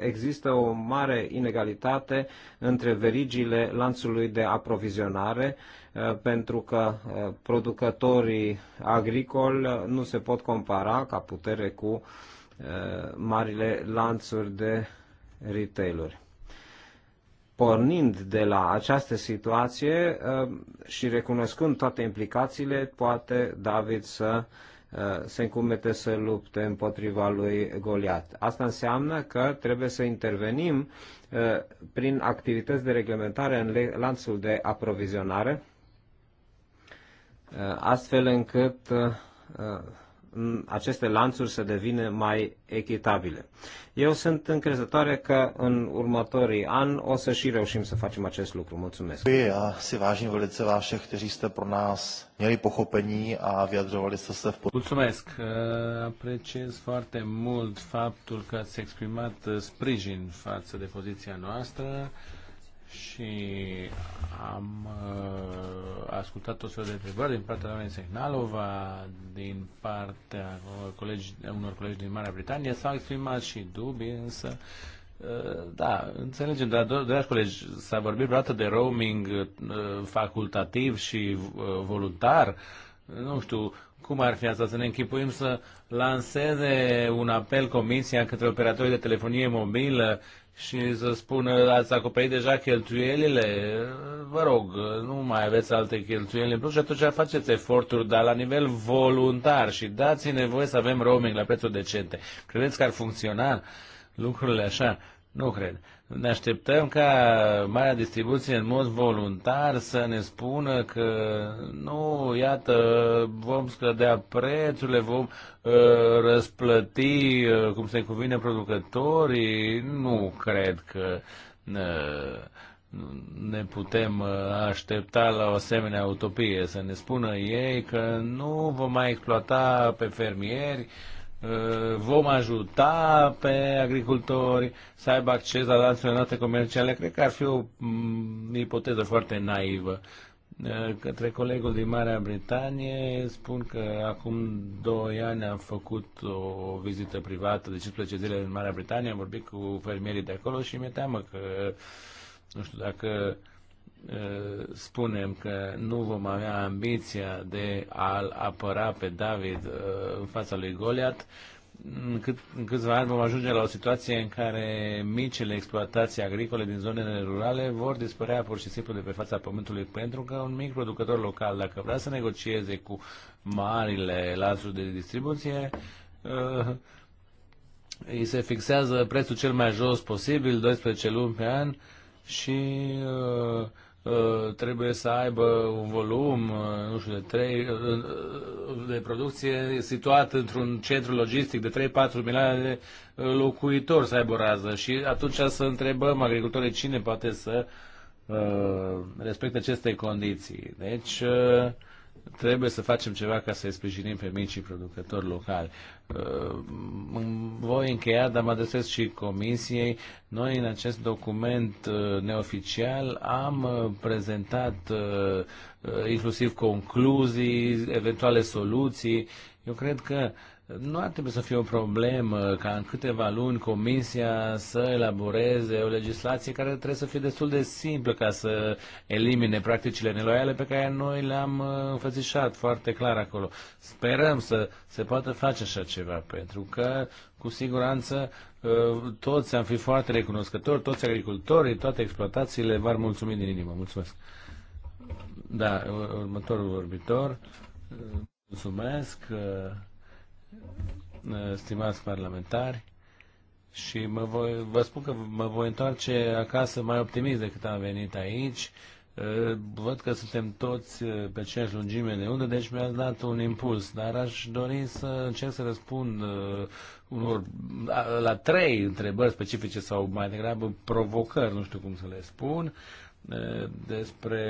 există o mare inegalitate între verigile lanțului de aprovizionare, pentru că producătorii agricoli nu se pot compara ca putere cu uh, Uh, marile lanțuri de retailuri. Pornind de la această situație uh, și recunoscând toate implicațiile, poate David să uh, se încumete să lupte împotriva lui Goliat. Asta înseamnă că trebuie să intervenim prin activități de reglementare în lanțul de aprovizionare, astfel încât aceste lanțuri să devină mai echitabile. Eu sunt încrezătoare că în următorii ani o să și reușim să facem acest lucru. Mulțumesc. Já si vážím velice vás všech, kteří jste pro nás měli pochopení a vyjadřovali jste se v Mulțumesc. Eh, apreciez foarte mult faptul că ați exprimat eh, sprijin față de poziția noastră și am uh, ascultat o serie de întrebări din partea doamnei Sehnalova, din partea colegi, unor colegi din Marea Britanie, s-au exprimat și dubii, însă uh, da, înțelegem, dar, dragi colegi, s-a vorbit vreodată de roaming uh, facultativ și uh, voluntar. Nu știu, cum ar fi asta? Să ne închipuim să lanseze un apel comisia către operatorii de telefonie mobilă și să spună ați acoperit deja cheltuielile, vă rog, nu mai aveți alte cheltuieli în plus și atunci faceți eforturi, dar la nivel voluntar și dați nevoie să avem roaming la prețuri decente. Credeți că ar funcționa lucrurile așa? Nu cred ne așteptăm ca marea distribuție în mod voluntar să ne spună că nu, iată, vom scădea prețurile, vom uh, răsplăti uh, cum se cuvine producătorii. Nu cred că uh, ne putem uh, aștepta la o asemenea utopie, să ne spună ei că nu vom mai exploata pe fermieri, Eh, vom ajuta pe agricultori să aibă acces la lanțurile noastre comerciale. Cred că ar fi o mm, ipoteză foarte naivă. Eh, către colegul din Marea Britanie spun că acum 2 ani am făcut o vizită privată de 15 zile în Marea Britanie, am vorbit cu fermierii de acolo și mi-e teamă că nu știu dacă uh, Eh, spunem că nu vom avea ambiția de a-l apăra pe David eh, în fața lui Goliat, în, cât, în câțiva ani vom ajunge la o situație în care micile exploatații agricole din zonele rurale vor dispărea pur și simplu de pe fața pământului pentru că un mic producător local, dacă vrea să negocieze cu marile lanțuri de distribuție, eh, îi se fixează prețul cel mai jos posibil, 12 luni pe an, și uh, Uh, trebuie să aibă un volum, uh, nu știu, de, 3, uh, de producție situat într-un centru logistic de 3-4 milioane de locuitori să aibă o rază și atunci să întrebăm agricultorii cine poate să respecte aceste condiții. Deci, trebuie să facem ceva ca să-i sprijinim pe micii producători locali. Uh, voi încheia, dar mă adresez și Comisiei. Noi în acest document uh, neoficial am uh, prezentat inclusiv concluzii, eventuale soluții. Eu cred că uh, nu ar trebui să fie o problemă ca în câteva luni Comisia să elaboreze o legislație care trebuie să fie destul de simplă ca să elimine practicile neloiale pe care noi le-am uh, înfățișat foarte clar acolo. Sperăm să se poată face așa ceva, pentru că cu siguranță uh, toți am fi foarte recunoscători, toți agricultorii, toate exploatațiile v-ar mulțumi din inimă. Mulțumesc. Da, următorul vorbitor. Uh, mulțumesc. Eh, stimați parlamentari, și mă voi, vă spun că mă voi întoarce acasă mai optimist decât am venit aici. Eh, văd că suntem toți eh, pe aceeași lungime de undă, deci mi a dat un impuls, dar aș dori să încerc să răspund unor, la trei întrebări specifice sau mai degrabă provocări, nu știu cum să le spun, despre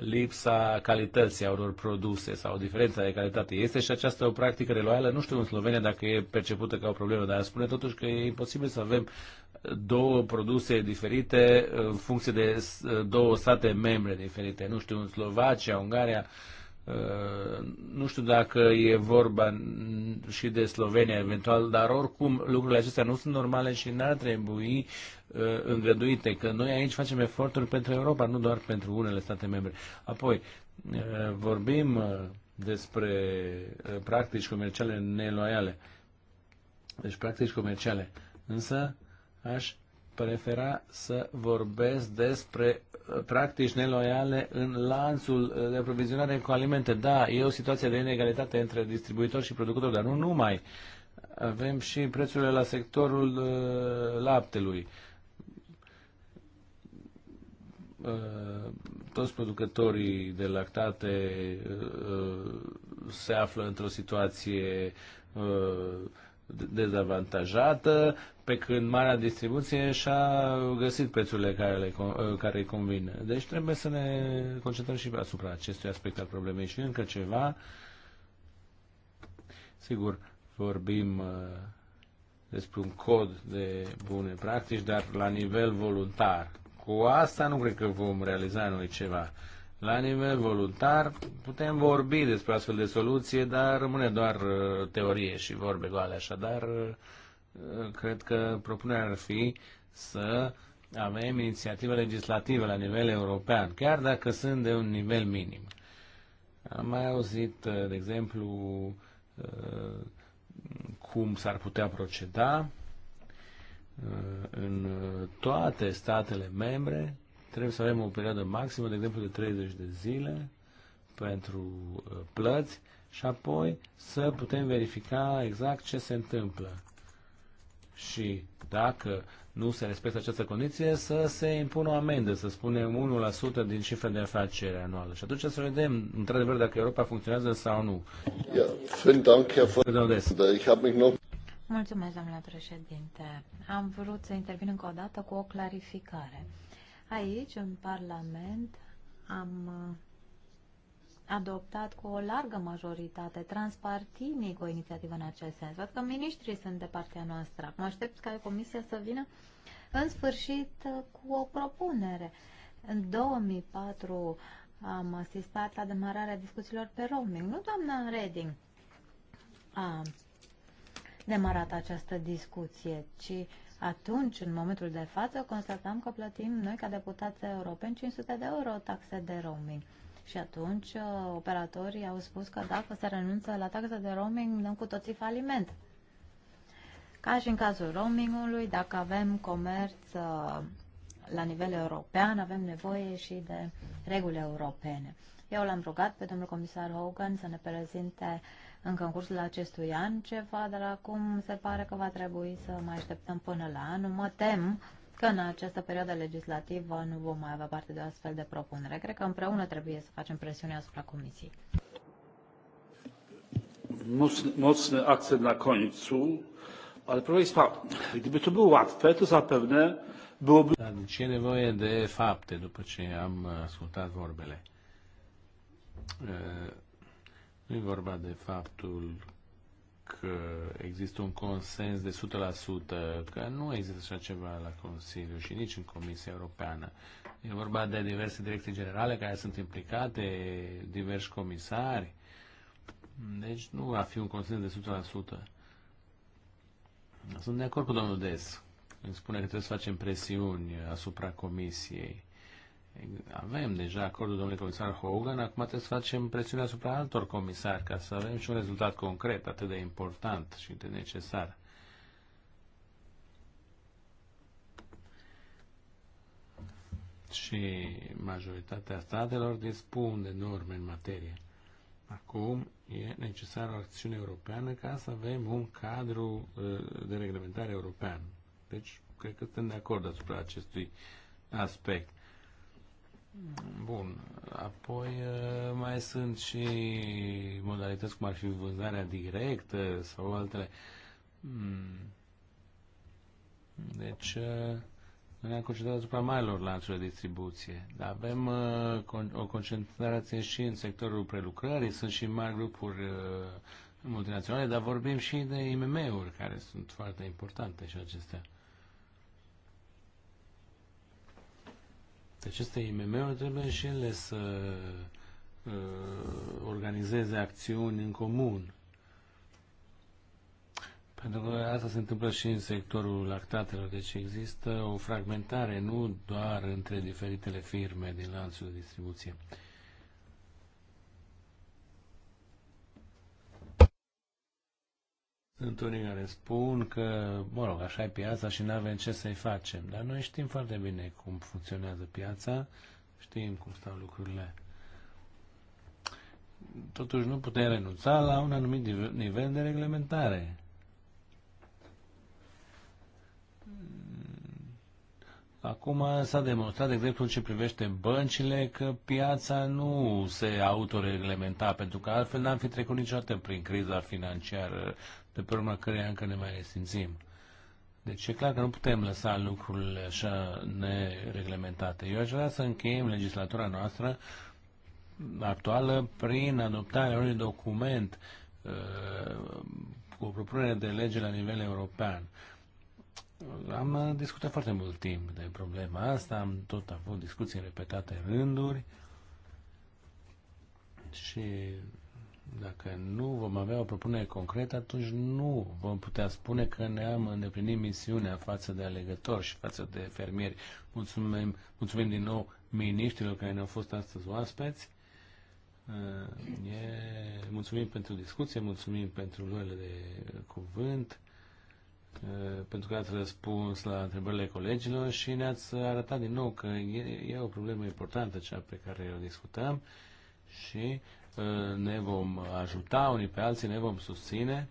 lipsa calității a unor produse sau diferența de calitate. Este și aceasta o practică reloială. Nu știu în Slovenia dacă e percepută ca o problemă, dar spune totuși că e imposibil să avem două produse diferite în funcție de două state membre diferite. Nu știu, în Slovacia, Ungaria, uh, Uh, nu știu dacă e vorba și de Slovenia eventual, dar oricum lucrurile acestea nu sunt normale și n-ar trebui uh, îngăduite, că noi aici facem eforturi pentru Europa, nu doar pentru unele state membre. Apoi, uh, vorbim despre practici comerciale neloiale. Deci practici comerciale. Însă aș prefera să vorbesc despre practici neloiale în lanțul de aprovizionare cu alimente. Da, e o situație de inegalitate între distribuitori și producători, dar nu numai. Avem și prețurile la sectorul uh, laptelui. Uh, toți producătorii de lactate uh, se află într-o situație dezavantajată, pe când marea distribuție și-a găsit prețurile care, le, ă, care îi convine. Deci trebuie să ne concentrăm și asupra acestui aspect al problemei. Și încă ceva, sigur, vorbim ă, despre un cod de bune practici, dar la nivel voluntar. Cu asta nu cred că vom realiza noi ceva. La nivel voluntar putem vorbi despre astfel de soluție, dar rămâne doar uh, teorie și vorbe goale. Așadar, uh, cred că propunerea ar fi să avem inițiative legislative la nivel european, chiar dacă sunt de un nivel minim. Am mai auzit, uh, de exemplu, cum s-ar putea proceda în toate statele membre trebuie să avem o perioadă maximă, de exemplu, de 30 de zile pentru uh, plăți și apoi să putem verifica exact ce se întâmplă. Și dacă nu se respectă această condiție, să se impună o amendă, să spunem 1% din cifra de afacere anuală. Și atunci să vedem, într-adevăr, dacă Europa funcționează sau nu. Mulțumesc, domnule președinte. Am vrut să intervin încă o dată cu o clarificare. Aici, în Parlament, am uh, adoptat cu o largă majoritate transpartinic o inițiativă în acest sens. Văd că miniștrii sunt de partea noastră. Mă aștept ca Comisia să vină în sfârșit uh, cu o propunere. În 2004 am asistat la demararea discuțiilor pe roaming. Nu doamna Reding a demarat această discuție, ci atunci, în momentul de față, constatăm că plătim noi, ca deputați europeni, 500 de euro taxe de roaming. Și atunci uh, operatorii au spus că dacă se renunță la taxa de roaming, dăm cu toții faliment. Ca și în cazul roamingului, dacă avem comerț uh, la nivel european, avem nevoie și de reguli europene. Eu l-am rugat pe domnul comisar Hogan să ne prezinte uh, încă în cursul acestui an ceva, dar acum se pare că va trebui să mai așteptăm până la anul. Mă tem că în această perioadă legislativă nu vom mai avea parte de o astfel de propunere. Cred că împreună trebuie să facem presiune asupra Comisiei. Mocny, mocny akcent na końcu, ale proszę Państwa, gdyby to było łatwe, to zapewne byłoby... Dar deci nevoie de fapte după ce am ascultat vorbele. Nu e vorba de faptul că există un consens de 100%, că nu există așa ceva la Consiliu și nici în Comisia Europeană. E vorba de diverse direcții generale care sunt implicate, diversi comisari. Deci nu va fi un consens de 100%. Sunt de acord cu domnul Des. Îmi spune că trebuie să facem presiuni asupra Comisiei avem deja acordul domnului comisar Hogan, acum trebuie să facem presiune asupra altor comisari ca să avem și un rezultat concret atât de important și de necesar. Și majoritatea statelor dispun de norme în materie. Acum e necesară o acțiune europeană ca să avem un cadru uh, de reglementare european. Deci, cred că suntem de acord asupra acestui aspect. Bun. Apoi mai sunt și modalități cum ar fi vânzarea directă sau altele. Hmm. Deci noi ne-am concentrat asupra marilor lanțuri de distribuție. Dar avem o concentrație și în sectorul prelucrării, sunt și mari grupuri multinaționale, dar vorbim și de IMM-uri care sunt foarte importante și acestea. aceste IMM-uri trebuie și ele să uh, organizeze acțiuni în comun. Pentru că asta se întâmplă și în sectorul lactatelor, deci există o fragmentare nu doar între diferitele firme din lanțul de distribuție. Uh, Sunt unii care spun că, mă rog, așa e piața și nu avem ce să-i facem. Dar noi știm foarte bine cum funcționează piața, știm cum stau lucrurile. Totuși nu putem renunța la un anumit nivel de reglementare. Acum s-a demonstrat, de exemplu, în ce privește băncile, că piața nu se autoreglementa, pentru că altfel n-am fi trecut niciodată prin criza financiară de pe urma căreia încă ne mai simțim. Deci e clar că nu putem lăsa lucrurile așa nereglementate. Eu aș vrea să încheiem legislatura noastră actuală prin adoptarea unui document uh, cu o propunere de lege la nivel european. Am discutat foarte mult timp de problema asta, am tot avut discuții repetate în rânduri și dacă nu vom avea o propunere concretă, atunci nu vom putea spune că ne-am îndeplinit misiunea față de alegători și față de fermieri. Mulțumim, mulțumim din nou miniștrilor care ne-au fost astăzi oaspeți. Uh, e, mulțumim pentru discuție, mulțumim pentru luările de cuvânt, uh, pentru că ați răspuns la întrebările colegilor și ne-ați arătat din nou că e, e o problemă importantă cea pe care o discutăm și ne vom ajuta unii pe alții, ne vom susține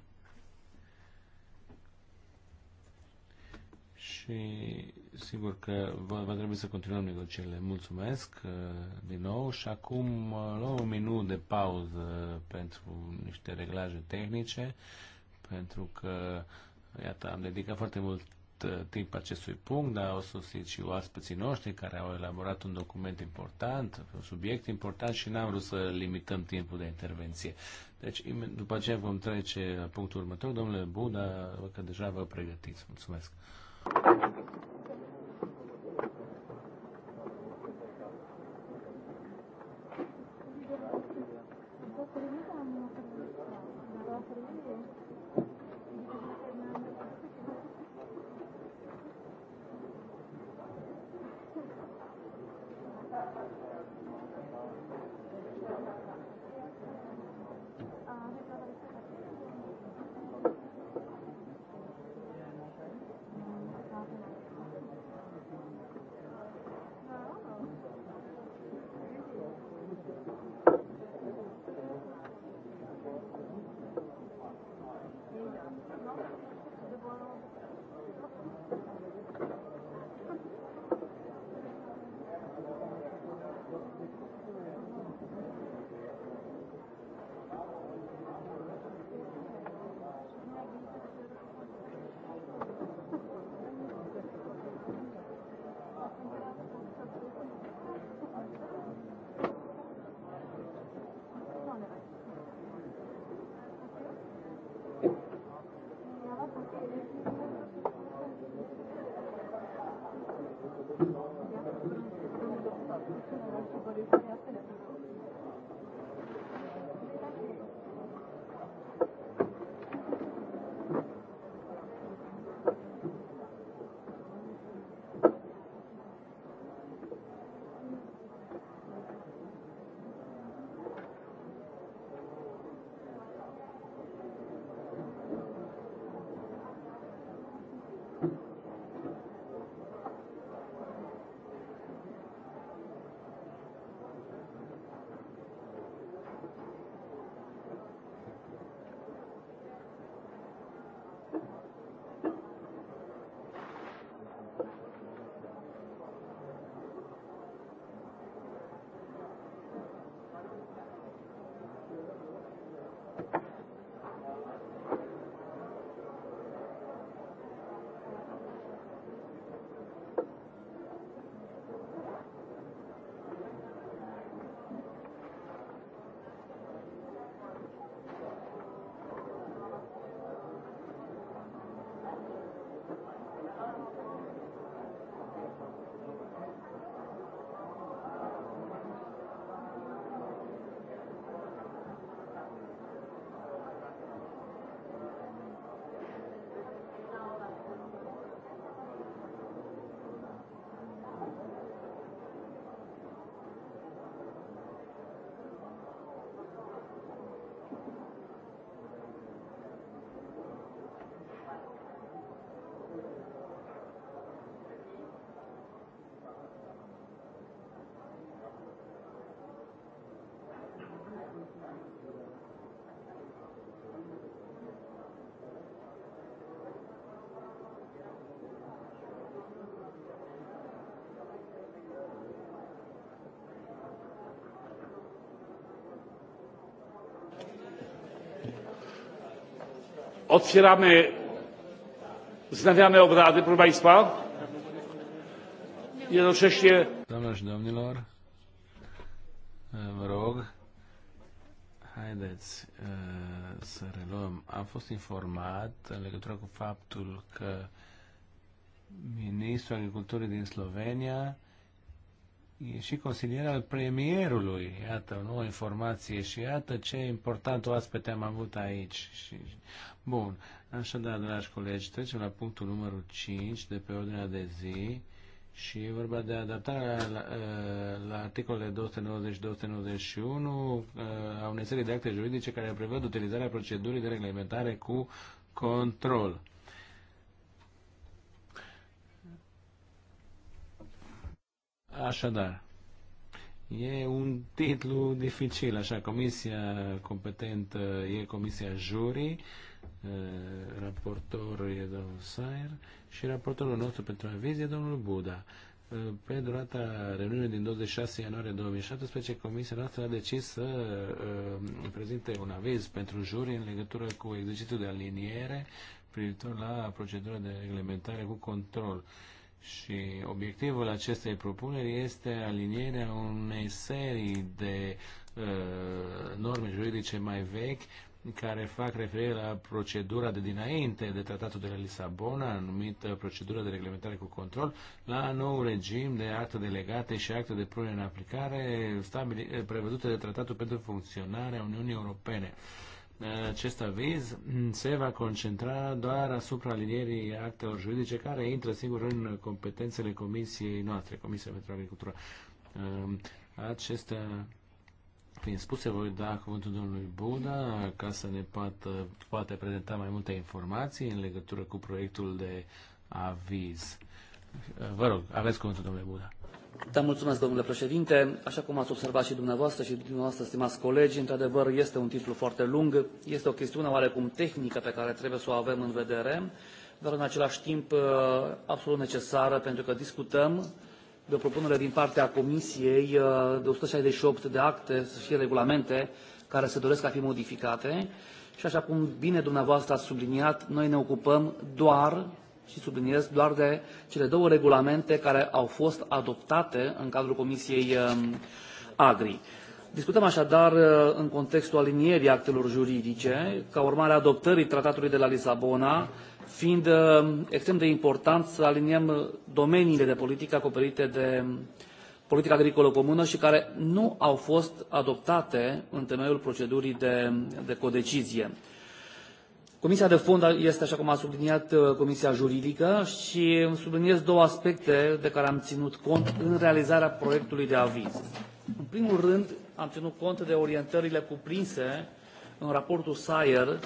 și sigur că va, va trebui să continuăm negocierile. Mulțumesc uh, din nou și acum uh, luăm un minut de pauză pentru niște reglaje tehnice, pentru că, iată, am dedicat foarte mult Uh, timp acestui punct, dar au sosit și oaspeții noștri care au elaborat un document important, un subiect important și n-am vrut să limităm timpul de intervenție. Deci, după aceea vom trece la punctul următor. Domnule Buda, văd că deja vă pregătiți. Mulțumesc! Otwieramy, wznawiamy obrady, proszę Państwa. Jednocześnie... Doamnelor și domnilor, rog, haideți să reluăm. Am fost informat în legătură cu faptul că ministrul agriculturii din Slovenia e și consilier al premierului. Iată, nu o informație și iată ce important oaspete am avut aici. Și... Bun, așadar, dragi colegi, trecem la punctul numărul 5 de pe ordinea de zi și e vorba de adaptarea la, la articolele 290-291 uh, a unei serii de acte juridice care prevăd utilizarea procedurii de reglementare cu control. Așadar, e un titlu dificil, așa, comisia competentă e comisia jurii, eh, raportor e domnul Sair și raportorul nostru pentru aviz e domnul Buda. Eh, pe durata reuniunii din 26 ianuarie 2017, Comisia noastră a decis să eh, prezinte un aviz pentru juri în legătură cu exercițiul de aliniere privitor la procedura de reglementare cu control. Uh, și obiectivul acestei propuneri este alinierea unei serii de uh, norme juridice mai vechi care fac referire la procedura de dinainte de tratatul de la Lisabona, numită procedură de reglementare cu control, la nou regim de acte delegate și acte de punere în aplicare stabili, prevăzute de tratatul pentru funcționarea Uniunii Europene. Uh, acest aviz se va concentra doar asupra alinierii actelor juridice care intră, sigur, în competențele comisiei noastre, Comisia pentru Agricultură. Um, acestea fiind spuse, voi da cuvântul domnului Buda ca să ne poată, poate prezenta mai multe informații în legătură cu proiectul de aviz. Vă rog, aveți cuvântul, domnule Buda. Da, mulțumesc, domnule președinte. Așa cum ați observat și dumneavoastră și dumneavoastră, stimați colegi, într-adevăr este un titlu foarte lung, este o chestiune oarecum tehnică pe care trebuie să o avem în vedere, dar în același timp uh, absolut necesară pentru că discutăm de o propunere din partea Comisiei uh, de 168 de acte și regulamente care se doresc a fi modificate și așa cum bine dumneavoastră ați subliniat, noi ne ocupăm doar și subliniez doar de cele două regulamente care au fost adoptate în cadrul Comisiei um, Agri. Discutăm așadar uh, în contextul alinierii actelor juridice, ca urmare a adoptării Tratatului de la Lisabona, fiind uh, extrem de important să aliniem domeniile de politică acoperite de um, politica agricolă comună și care nu au fost adoptate în temeiul procedurii de, de codecizie. Comisia de fond este, așa cum a subliniat, uh, Comisia juridică și subliniez două aspecte de care am ținut cont în realizarea proiectului de aviz. În primul rând, am ținut cont de orientările cuprinse în raportul Sayer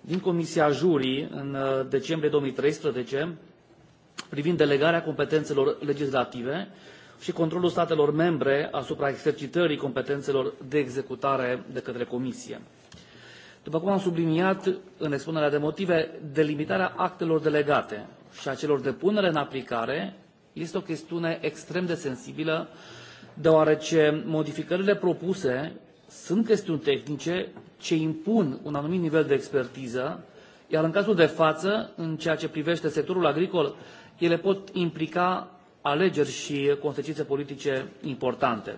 din Comisia Jurii în uh, decembrie 2013 privind delegarea competențelor legislative și controlul statelor membre asupra exercitării competențelor de executare de către Comisie. După cum am subliniat în expunerea de motive, delimitarea actelor delegate și a celor de punere în aplicare este o chestiune extrem de sensibilă, deoarece modificările propuse sunt chestiuni tehnice ce impun un anumit nivel de expertiză, iar în cazul de față, în ceea ce privește sectorul agricol, ele pot implica alegeri și consecințe politice importante.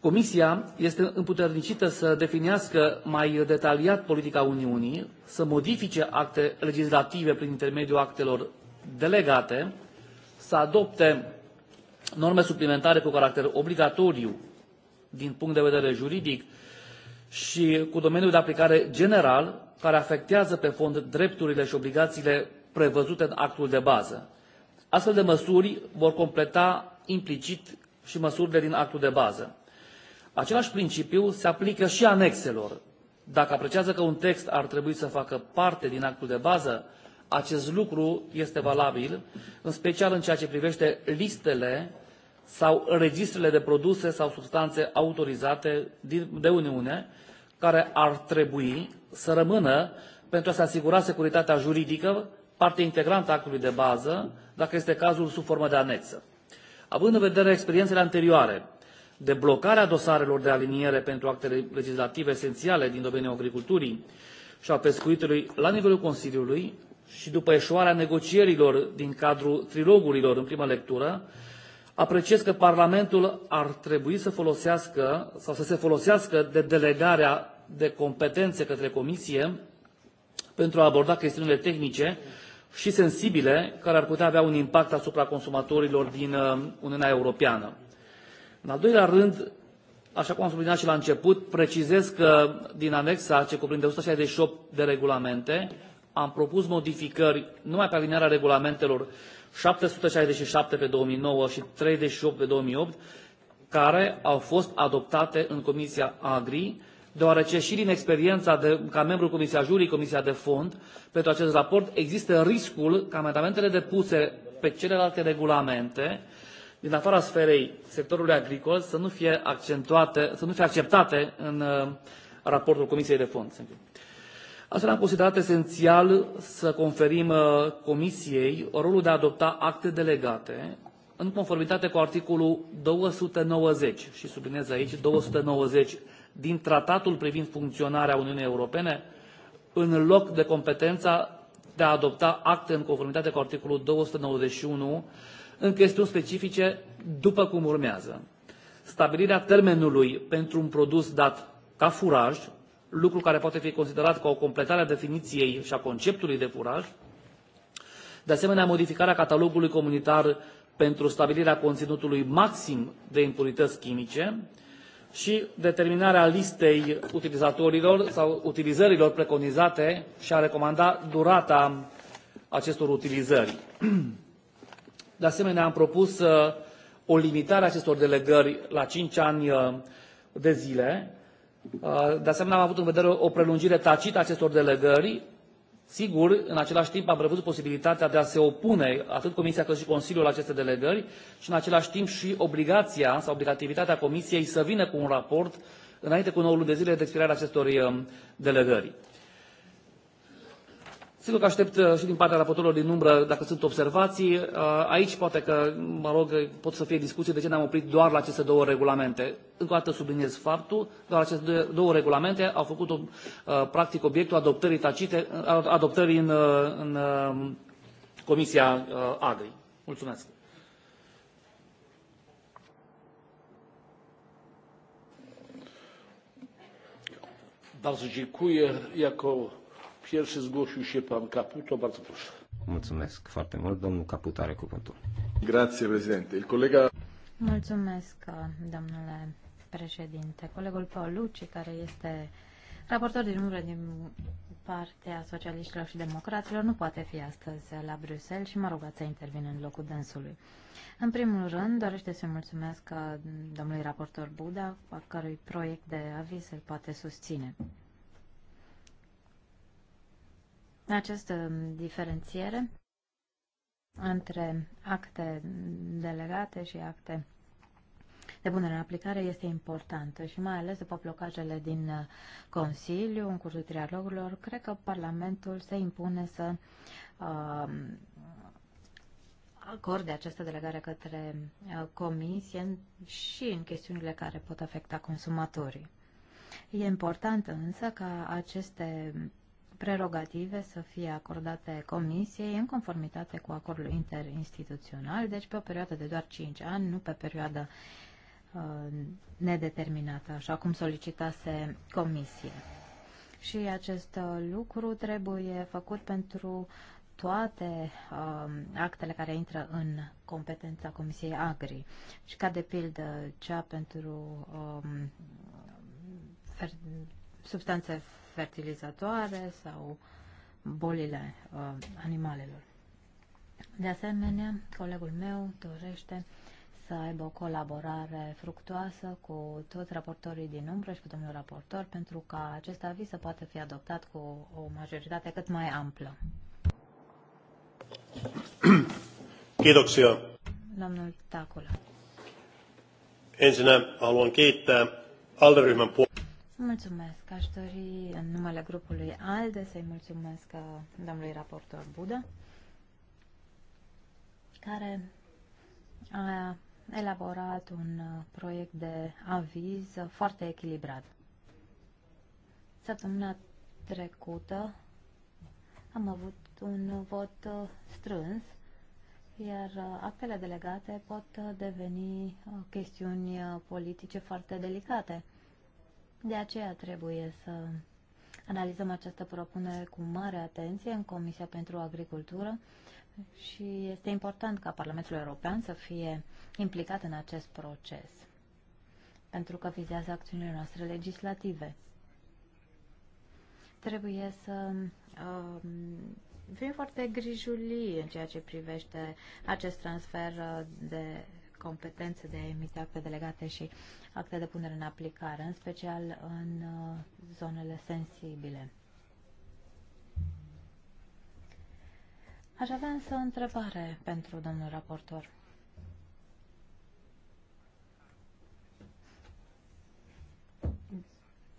Comisia este împuternicită să definească mai detaliat politica Uniunii, să modifice acte legislative prin intermediul actelor delegate, să adopte norme suplimentare cu caracter obligatoriu din punct de vedere juridic și cu domeniul de aplicare general care afectează pe fond drepturile și obligațiile prevăzute în actul de bază. Astfel de măsuri vor completa implicit și măsurile din actul de bază. Același principiu se aplică și anexelor. Dacă apreciază că un text ar trebui să facă parte din actul de bază, acest lucru este valabil, în special în ceea ce privește listele sau registrele de produse sau substanțe autorizate de Uniune, care ar trebui să rămână pentru a se asigura securitatea juridică, parte integrantă a actului de bază, dacă este cazul sub formă de anexă. Având în vedere experiențele anterioare de a dosarelor de aliniere pentru actele legislative esențiale din domeniul agriculturii și a pescuitului la nivelul Consiliului și după eșuarea negocierilor din cadrul trilogurilor în primă lectură, apreciez că Parlamentul ar trebui să folosească sau să se folosească de delegarea de competențe către Comisie pentru a aborda chestiunile tehnice și sensibile care ar putea avea un impact asupra consumatorilor din uh, Uniunea Europeană. În al doilea rând, așa cum am subliniat și la început, precizez că din anexa ce cuprinde 168 de regulamente, am propus modificări numai pe alinearea regulamentelor 767 pe 2009 și 38 pe 2008, care au fost adoptate în Comisia Agri, deoarece și din experiența de, ca membru Comisia Jurii, Comisia de Fond, pentru acest raport există riscul ca amendamentele depuse pe celelalte regulamente din afara sferei sectorului agricol să nu fie, accentuate, să nu fie acceptate în uh, raportul Comisiei de Fond. Astfel am considerat esențial să conferim uh, Comisiei rolul de a adopta acte delegate în conformitate cu articolul 290 și subliniez aici 290 din Tratatul privind funcționarea Uniunii Europene, în loc de competența de a adopta acte în conformitate cu articolul 291 în chestiuni specifice după cum urmează. Stabilirea termenului pentru un produs dat ca furaj, lucru care poate fi considerat ca o completare a definiției și a conceptului de furaj, de asemenea, modificarea catalogului comunitar pentru stabilirea conținutului maxim de impurități chimice și determinarea listei utilizatorilor sau utilizărilor preconizate și a recomanda durata acestor utilizări. De asemenea, am propus uh, o limitare a acestor delegări la 5 ani uh, de zile. Uh, de asemenea, am avut în vedere o prelungire tacită a acestor delegări. Sigur, în același timp am prevăzut posibilitatea de a se opune atât Comisia cât și Consiliul la aceste delegări și în același timp și obligația sau obligativitatea Comisiei să vină cu un raport înainte cu 9 luni de zile de expirarea acestor delegări. Sigur că aștept uh, și din partea raportorilor din umbră dacă sunt observații. Uh, aici poate că, mă rog, pot să fie discuții de ce ne-am oprit doar la aceste două regulamente. Încă o dată subliniez faptul, doar aceste două regulamente au făcut uh, practic obiectul adoptării tacite, adoptării în, în Comisia Agri. Mulțumesc. Bardzo dziękuję. Jako Pierwszy zgłosił się pan Caputo, bardzo proszę. Mulțumesc foarte mult, domnul Caput are cuvântul. Grazie, președinte. Il colega... Mulțumesc, domnule președinte. Colegul Paul Paulucci, care este raportor din umbră din partea socialiștilor și democraților, nu poate fi astăzi la Bruxelles și mă a rugat să intervin în locul dânsului. În primul rând, dorește să-i mulțumesc domnului raportor Buda, a cărui proiect de aviz îl poate susține. Această diferențiere între acte delegate și acte de punere în aplicare este importantă și mai ales după blocajele din uh, Consiliu, în cursul trialogurilor, cred că Parlamentul se impune să uh, acorde această delegare către uh, comisie și în chestiunile care pot afecta consumatorii. E important însă ca aceste prerogative să fie acordate Comisiei în conformitate cu acordul interinstituțional, deci pe o perioadă de doar 5 ani, nu pe perioadă uh, nedeterminată, așa cum solicitase Comisie. Și acest uh, lucru trebuie făcut pentru toate uh, actele care intră în competența Comisiei Agri și ca de pildă cea pentru um, substanțe fertilizatoare sau bolile uh, animalelor. De asemenea, colegul meu dorește să aibă o colaborare fructuoasă cu toți raportorii din umbră și cu domnul raportor pentru ca acest aviz să poată fi adoptat cu o majoritate cât mai amplă. Kiitoksia. Domnul Tacula. Ensinnä haluan kiittää alderyhmän puolesta. Mulțumesc. Aș dori în numele grupului ALDE să-i mulțumesc uh, domnului raportor Buda, care a elaborat un uh, proiect de aviz uh, foarte echilibrat. Săptămâna trecută am avut un vot strâns, iar actele delegate pot deveni chestiuni politice foarte delicate. De aceea trebuie să analizăm această propunere cu mare atenție în Comisia pentru Agricultură și este important ca Parlamentul European să fie implicat în acest proces, pentru că vizează acțiunile noastre legislative. Trebuie să uh, um, fim foarte grijulii în ceea ce privește acest transfer de competențe de a emite acte delegate și acte de punere în aplicare, în special în uh, zonele sensibile. Aș avea însă o întrebare pentru domnul raportor.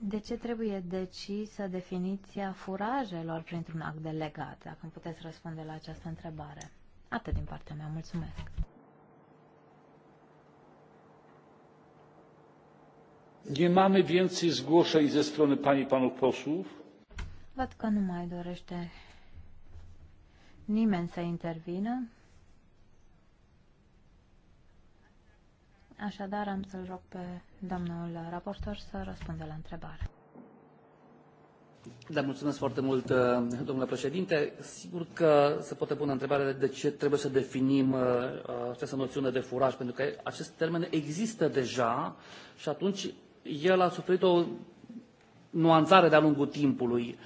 De ce trebuie decisă definiția furajelor printr-un act delegat? Dacă îmi puteți răspunde la această întrebare. Atât din partea mea. Mulțumesc. Nie mamy więcej zgłoszeń ze strony pani i panów posłów. Văd că nu mai dorește nimeni să intervină. Așadar, am să-l rog pe domnul raportor să răspundă la întrebare. Da, mulțumesc foarte mult, uh, domnule președinte. Sigur că se poate pune întrebarea de ce trebuie să definim uh, această noțiune de furaj, pentru că acest termen există deja și atunci el a suferit o nuanțare de-a lungul timpului.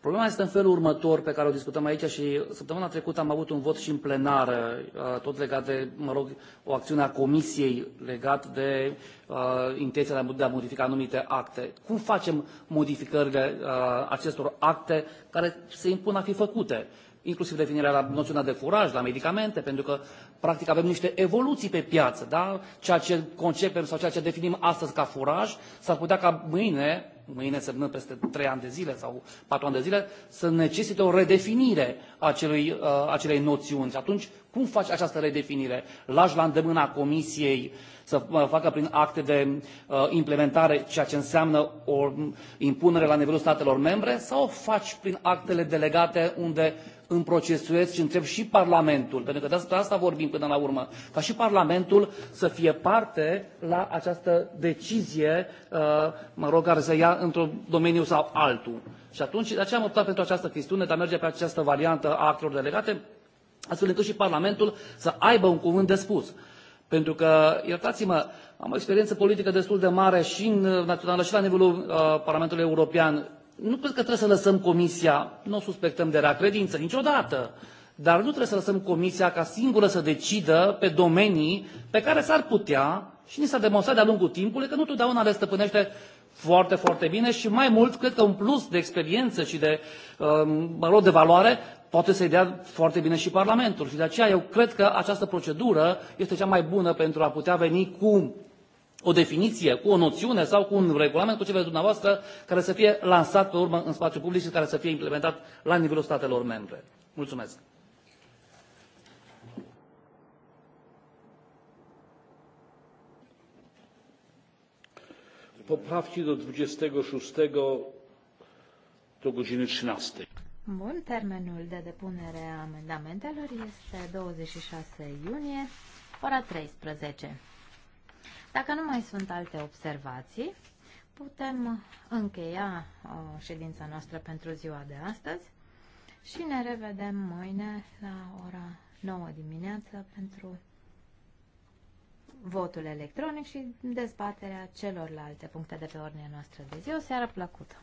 Problema este în felul următor pe care o discutăm aici și săptămâna trecută am avut un vot și în plenară, uh, tot legat de, mă rog, o acțiune a Comisiei legat de uh, intenția de a modifica anumite acte. Cum facem modificările uh, acestor acte care se impun a fi făcute? inclusiv revenirea la noțiunea de furaj, la medicamente, pentru că, practic, avem niște evoluții pe piață, da? Ceea ce concepem sau ceea ce definim astăzi ca furaj, s-ar putea ca mâine, mâine semnând peste trei ani de zile sau patru ani de zile, să necesite o redefinire a acelui, uh, acelei noțiuni. Și atunci, cum faci această redefinire? Lași la îndemâna Comisiei să uh, facă prin acte de uh, implementare ceea ce înseamnă o impunere la nivelul statelor membre sau o faci prin actele delegate unde îmi procesuez și întreb și Parlamentul, pentru că despre asta vorbim până la urmă, ca și Parlamentul să fie parte la această decizie, uh, mă rog, care să ia într-un domeniu sau altul. Și atunci, de aceea am optat pentru această chestiune, de a merge pe această variantă a actelor delegate, astfel încât și Parlamentul să aibă un cuvânt de spus. Pentru că, iertați-mă, am o experiență politică destul de mare și în uh, națională și la nivelul uh, Parlamentului European nu cred că trebuie să lăsăm comisia, nu o suspectăm de rea credință niciodată, dar nu trebuie să lăsăm comisia ca singură să decidă pe domenii pe care s-ar putea și ni s-a demonstrat de-a lungul timpului că nu totdeauna le stăpânește foarte, foarte bine și mai mult, cred că un plus de experiență și de, um, mă rog, de valoare poate să-i dea foarte bine și Parlamentul. Și de aceea eu cred că această procedură este cea mai bună pentru a putea veni cu o definiție, cu o noțiune sau cu un regulament, cu vreți dumneavoastră, care să fie lansat pe urmă în spațiu public și care să fie implementat la nivelul statelor membre. Mulțumesc! poprawki do 26 do godziny 13. Bun, termenul de depunere a amendamentelor este 26 iunie, ora 13. Dacă nu mai sunt alte observații, putem încheia uh, ședința noastră pentru ziua de astăzi și ne revedem mâine la ora 9 dimineață pentru votul electronic și dezbaterea celorlalte puncte de pe ordinea noastră de zi. O seară plăcută!